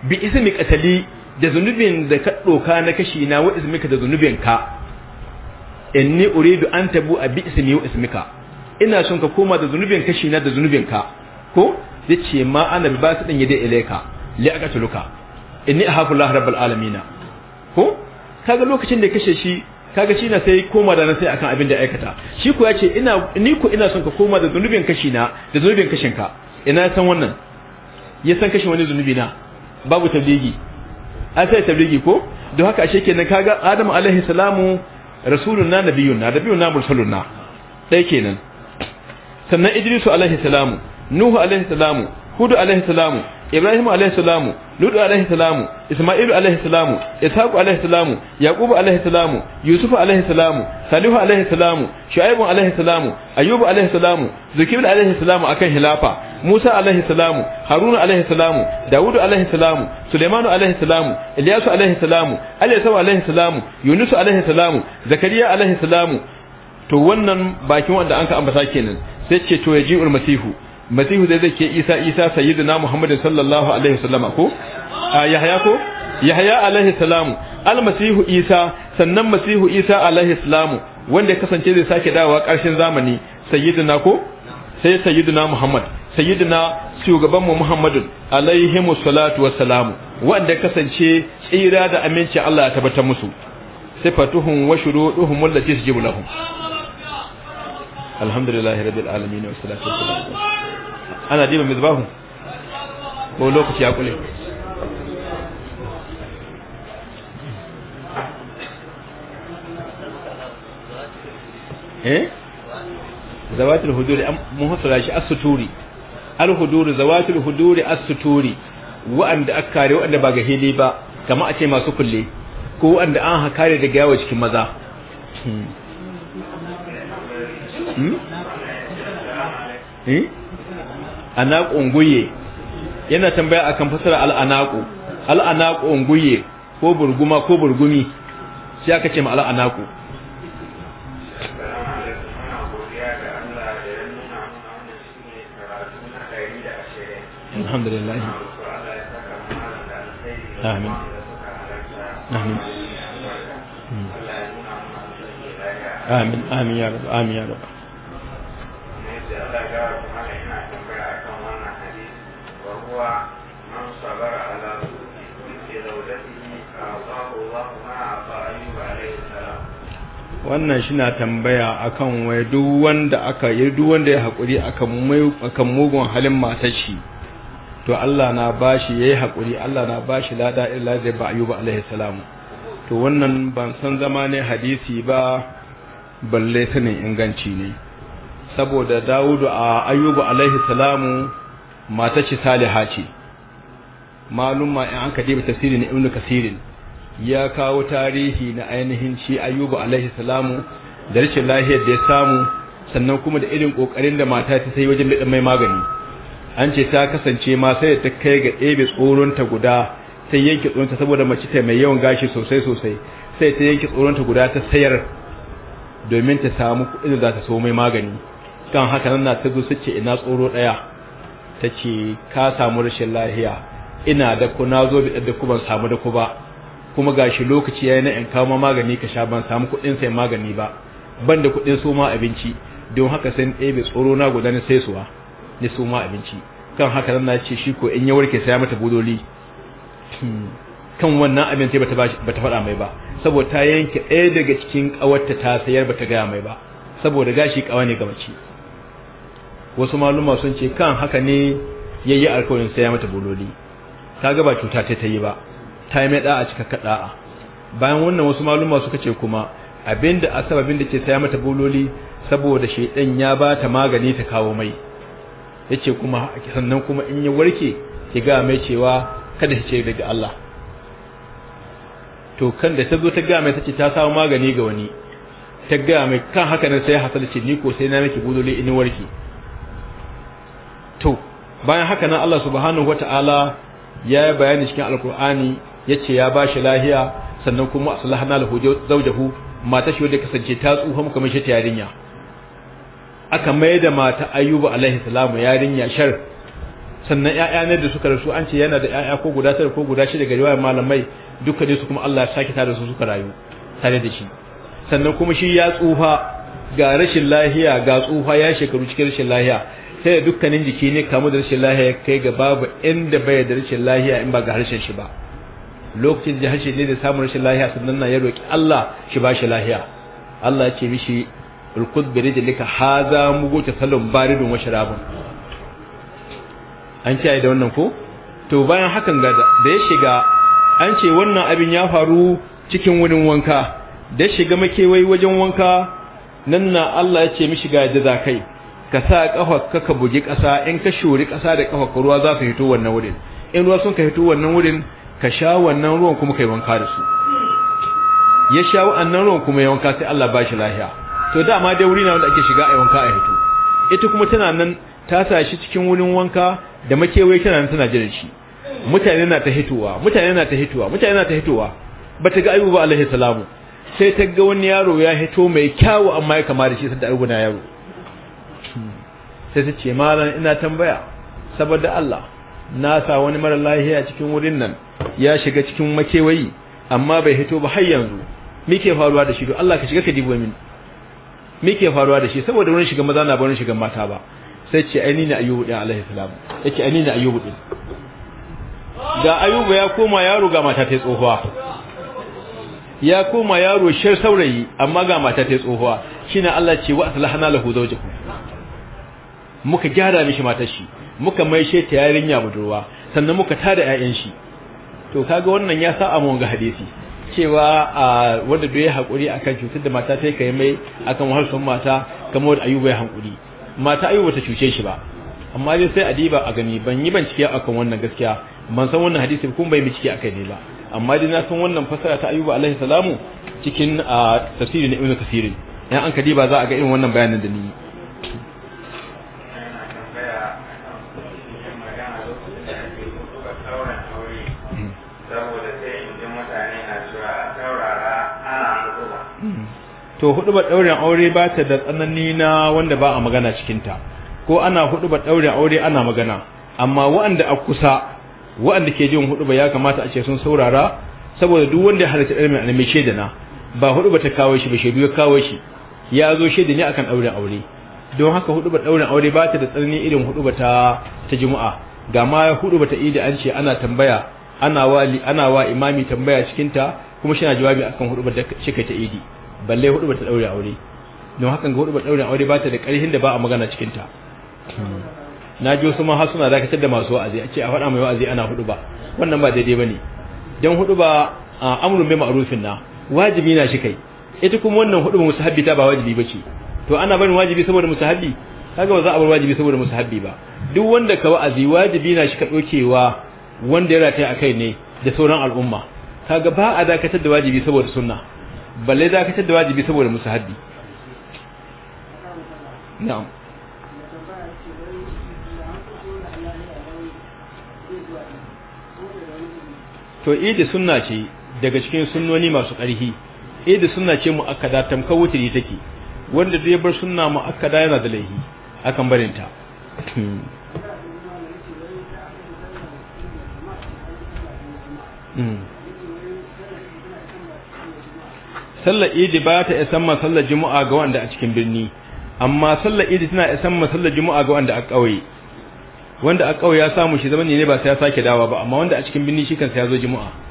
bi ismi katali da zunubin da ka doka na kashi na wa ismika da zunubin ka inni uridu an tabu bi ismi wa ismika ina son ka koma da zunubin kashi na da zunubin ka ko ce ma ana ba su dan yade ilaika li aqatuluka inni hafi lahar rabbul alamina. ko kaga lokacin da kashe shi kaga shi na sai koma da na sai akan abin da aikata shi ko yace ina ni ko ina son ka koma da zunubin kashi na da zunubin kashin ka ina san wannan ya san kashin wani zunubi na babu tabligi an sai tabligi ko don haka ashe kenan kaga adamu alaihi salamu rasuluna nabiyuna nabiyuna mursaluna dai kenan sannan idrisu alaihi salamu nuhu alaihi salamu hudu alaihi salamu ibrahim alayhi salamu lutu alayhi salamu isma'il alayhi salamu ishaq alayhi salamu yaqub alayhi salamu yusuf alayhi salamu salihu alayhi salamu shu'aib alayhi salamu ayyub alayhi salamu zukir alayhi salamu akan hilafa musa alayhi salamu haruna alaihi salamu daud alaihi salamu suleiman alaihi salamu ilyas alaihi salamu alisa alayhi salamu yunus alayhi salamu zakariya alayhi salamu to wannan bakin wanda an ka ambata kenan sai ce to yaji'ul masihu masihu zai zai ke isa isa sayyidina muhammad sallallahu alaihi wasallama ko a Yahaya ko Yahaya alaihi salamu almasihu isa sannan masihu isa alaihi salamu wanda ya kasance zai sake dawowa karshen zamani sayyidina ko sai sayyidina muhammad sayyidina shugaban mu muhammadun alaihi musallatu wassalamu wanda kasance tsira da aminci Allah ya tabbatar musu sifatuhum wa shuruduhum allati tajibu lahum alhamdulillahi rabbil alamin wassalatu wassalamu ana jiba misbahu ko lokaci ya kule eh zawatul huduri mun hasara shi as-suturi al-huduri zawatul huduri as-suturi wa'anda aka kare wa'anda ba ga hili ba kamar a ce masu kulle ko wa'anda an hakare daga yawo cikin maza hmm, hmm? hmm? anaqun guye yana tambaya akan fasara al al'anaqun guye ko burguma ko burgumi sai aka ce ma al'anaqu alhamdulillah amin amin amin amin ya rabu amin ya rabu من صبر على دولته أعطاه الله ما أعطى أيوب عليه السلام wannan shi na tambaya akan wai duk wanda aka yi duk wanda ya haƙuri akan mugun halin matar shi to Allah na bashi yayi haƙuri Allah na bashi lada illa zai ba ayyuba alaihi salam to wannan ban san zama ne hadisi ba balle sanin inganci ne saboda Dawudu a ayyuba alaihi salamu mata ce saliha ce malum ma in an ka diba tafsirin ibn kasirin ya kawo tarihi na ainihin shi ayyubu alaihi salamu da rashin lahiyar da ya samu sannan kuma da irin kokarin da mata ta sai wajen bidan mai magani an ce ta kasance ma sai ta kai ga ɗebe tsoronta guda sai yanke tsoronta saboda mace ta mai yawan gashi sosai sosai sai ta yanke tsoronta guda ta sayar domin ta samu kuɗin da za ta so mai magani kan haka nan na ta zo su ce ina tsoro ɗaya ta ce ka samu rashin lahiya ina da ku na zo da ku ban samu da ku ba kuma ga shi lokaci ya yi na in kawo magani ka sha ban samu kuɗin sai magani ba ban da kuɗin su ma abinci don haka sai bai tsoro na guda na sai suwa ni su abinci kan haka nan na ce shi ko in ya warke sai ya mata budoli kan wannan abin sai bata ta faɗa mai ba saboda ta yanke ɗaya daga cikin ƙawarta ta sayar ba ta gaya mai ba saboda gashi ƙawa ne ga mace wasu maluma sun ce kan haka ne yayi alkawarin sai ya mata buloli kaga ba cuta ta yi ba ta yi mai da'a cika kada'a bayan wannan wasu maluma suka ce kuma abinda a sababin da ke saya mata buloli saboda shedan ya ba ta magani ta kawo mai yace kuma sannan kuma in ya warke ki ga mai cewa kada ki ce daga Allah to kan da ta zo ta ga mai tace ta samu magani ga wani ta ga mai kan haka nan sai hasal ce ni ko sai na miki buloli in warke to bayan haka nan Allah subhanahu wataala ya yi bayani cikin alkur'ani yace ya ba shi lahiya sannan kuma na lahu zaujahu mata shi wanda kasance ta tsufa muka mishi ta yarinya aka mai da mata ayyubu alaihi salamu yarinya shar sannan ƴaƴa ne da suka rasu an ce yana da 'ya'ya ko guda tara ko guda shida ga riwayar malamai duka ne su kuma Allah ya saki tare su suka rayu tare da shi sannan kuma shi ya tsufa ga rashin lahiya ga tsufa ya shekaru cikin rashin lahiya sai da dukkanin jiki ne kamu da rashin lahiya kai ga babu inda bai da rashin lahiya in ba ga harshen shi ba lokacin da harshe ne da samun rashin lahiya sannan na ya roki Allah shi ba shi lahiya Allah ya ce mishi ulqud bi rijlika mu muguta salon baridun wa sharabun an kiyaye da wannan ko to bayan hakan ga da ya shiga an ce wannan abin ya faru cikin wurin wanka da shiga makewai wajen wanka nan na Allah ya ce mishi ga da kai. ka sa kafar ka bugi ƙasa in ka shuri ƙasa da kafar ruwa za su hito wannan wurin in ruwa sun ka hito wannan wurin ka sha wannan ruwan kuma kai wanka da su ya sha wannan ruwan kuma ya wanka sai Allah ba shi lafiya to dama dai wuri na wanda ake shiga a wanka a hito ita kuma tana nan ta sa shi cikin wurin wanka da makewaye tana nan tana jira shi mutane na ta hitowa mutane na ta hitowa mutane na ta hitowa bata ga Ayyuba alaihi salamu sai ta ga wani yaro ya hito mai kyawu amma ya kama da shi sai da Ayyuba na yaro sai ta ce malam ina tambaya saboda Allah na sa wani mara lahiya cikin wurin nan ya shiga cikin makewayi amma bai hito ba har yanzu muke faruwa da shi to Allah ka shiga ka dibo min muke faruwa da shi saboda wurin shiga maza na ba wani shiga mata ba sai ce ai ni ne ayyubu din alaihi salam yace ai ni ne ayyubu din ga ayyubu ya koma yaro ga mata ta tsohuwa ya koma yaro shar saurayi amma ga mata ta tsohuwa shine Allah ce wa aslahna lahu zawjahu muka gyara mishi matar shi muka maishe ta yarinya budurwa sannan muka tada ƴaƴan shi to kaga wannan ya sa amon ga hadisi cewa a wanda da ya hakuri akan cutar da mata sai kai mai akan wahalsun mata kamar da ayuba ya hakuri mata ayuba ta cuce shi ba amma dai sai a diba a gani ban yi bincike akan wannan gaskiya ban san wannan hadisi kun bai bincike akai ne ba amma dai na san wannan fasara ta ayuba alaihi salamu cikin tafsirin ibnu kasiri yan an kadiba za a ga irin wannan bayanin da ni to hudubar daurin aure ba ta da tsanani na wanda ba a magana cikinta ko ana hudubar daurin aure ana magana amma waɗanda a kusa waɗanda ke jin ba ya kamata a ce sun saurara saboda duk wanda ya halarci ɗarmi a mai shaida na ba hudubar ta kawo shi ba shaidu ya kawo shi ya zo shaida ne akan daurin aure don haka hudubar daurin aure ba ta da tsanani irin hudu ta ta juma'a ga ma hudubar ta idi an ce ana tambaya ana wa imami tambaya cikinta kuma shi na jawabi akan hudubar da shi ta idi balle hudu ba ta daure aure don hakan ga hudu ba daure aure ba ta da ƙarfin da ba a magana cikin ta na ji wasu ma har suna dakatar da masu wa'azi a ce a faɗa mai wa'azi ana hudu ba wannan ba daidai bane dan hudu ba amrun bi ma'rufin na wajibi na shi kai ita kuma wannan hudu ba musahabi ta ba wajibi bace to ana barin wajibi saboda musahabi kaga ba za a bar wajibi saboda musahabi ba duk wanda ka wa'azi wajibi na shi ka dokewa wanda ya rataya akai ne da sauran al'umma kaga ba a dakatar da wajibi saboda sunna balle ka da wajibi saboda musahabi na'am to idi sunna ce daga cikin sunnoni masu ƙarfi idi sunna ce muakkada tamkar yi take wanda dai bar sunna muakkada yana da laifi akan barinta mm sallar idi ba ta isan ma sallar juma'a ga wanda a cikin birni amma sallar idi tana isan ma sallar juma'a ga wanda a ƙauye wanda a ƙauye ya samu shi zaman ne ba sai ya sake dawa ba amma wanda a cikin birni shi kansa ya zo juma'a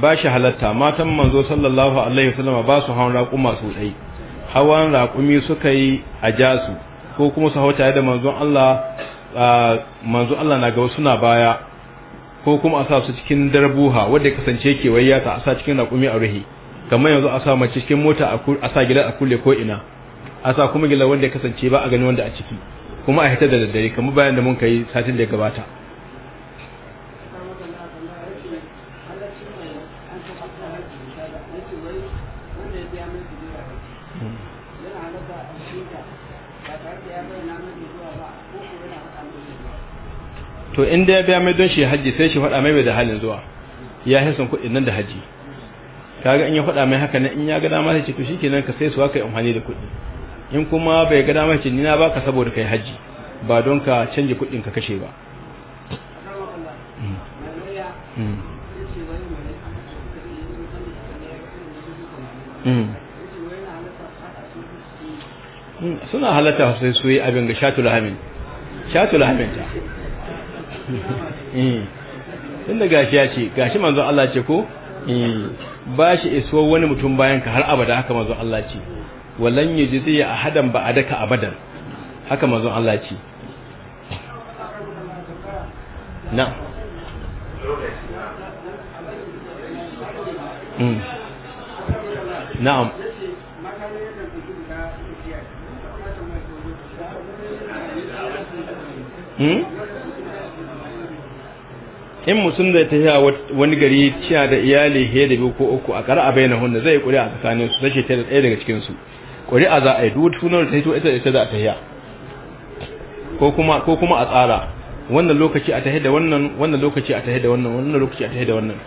ba shi halatta matan manzo sallallahu alaihi wasallam ba su hawan raƙuma su dai hawan raƙumi suka yi a jasu ko kuma su hauta da manzon Allah manzon Allah na ga suna baya ko kuma a sa su cikin darbuha wanda kasance kewaye ta a sa cikin raƙumi a ruhi kamar yanzu a sa mace cikin mota a sa gidan a kulle ko ina a sa kuma gidan wanda kasance ba a gani wanda a ciki kuma a hita da daddare kamar bayan da mun kai satin da ya gabata to inda ya biya mai don shi hajji sai shi faɗa mai bai da halin zuwa ya hisan kuɗin nan da hajji. kaga in ya faɗa mai haka nan in ya ga dama ce to shikenan ka sai su haka amfani da kuɗi in kuma bai ga dama ce ni na baka saboda kai hajji ba don ka canje kuɗin ka kashe ba suna halatta sai su yi abin ga shatul hamin shatul hamin ta Eh. tunda gashi ya ce gashi manzon Allah ce ko eh. ba shi isuwar wani mutum bayan ka har abada haka manzon Allah ce walan yajzi ya ahadan ba adaka abadan haka manzon Allah ce na hmm. na'am hmm in mutum zai tafiya wani gari ciya da iyali he da biyu ko uku a kara bai na hunna zai kuri a tsakanin su zai ta da ɗaya daga cikin su kuri a za a yi duk sunan da ta hito ita ita za a tafiya ko kuma ko kuma a tsara wannan lokaci a tafiya da wannan wannan lokaci a tafiya da wannan wannan lokaci a tafiya da wannan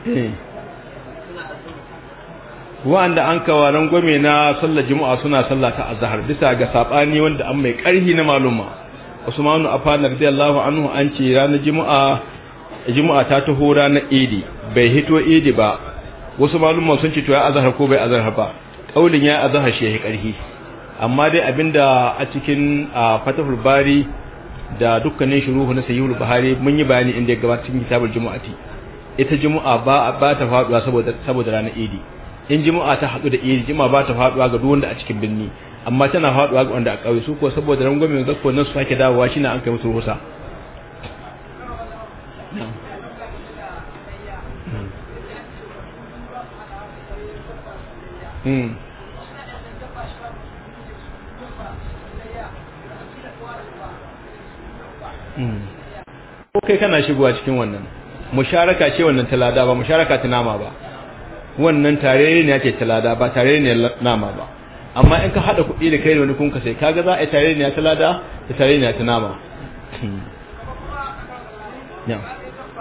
Hmm. wa'anda an kawaran rangwame na sallar juma'a suna sallah ta azhar bisa ga sabani wanda an mai karhi na maluma Usmanu afan radiyallahu anhu an ce ranar juma'a juma'a ta taho ranar Idi bai hito Idi ba wasu maluma sun ce to ya azhar ko bai azhar ba kaulin ya azhar shi ya karhi amma dai abinda a cikin fatahul Bari da dukkanin shuruhu na Sayyidul Buhari mun yi bayani inda ya gabata cikin kitabul juma'ati ita juma'a ba ba ta faduwa saboda saboda ranar Idi in jima'a ta haɗu da iri jima'a ba ta faɗuwa ga duk wanda a cikin birni amma tana faɗuwa ga wanda a ƙauye su ko saboda rangwamen ko nan su sake dawowa shi na an kai musu rusa hmm. hmm. hmm. ko kai kana shigowa cikin wannan musharaka ce wannan talada ba musharaka ta nama ba wannan tare ne yake talada ba tare ne nama ba amma in ka hada kuɗi da kai da wani kun ka sai kaga za a yi tare ne ya talada da tare ne ya ta nama Yeah. Hmm.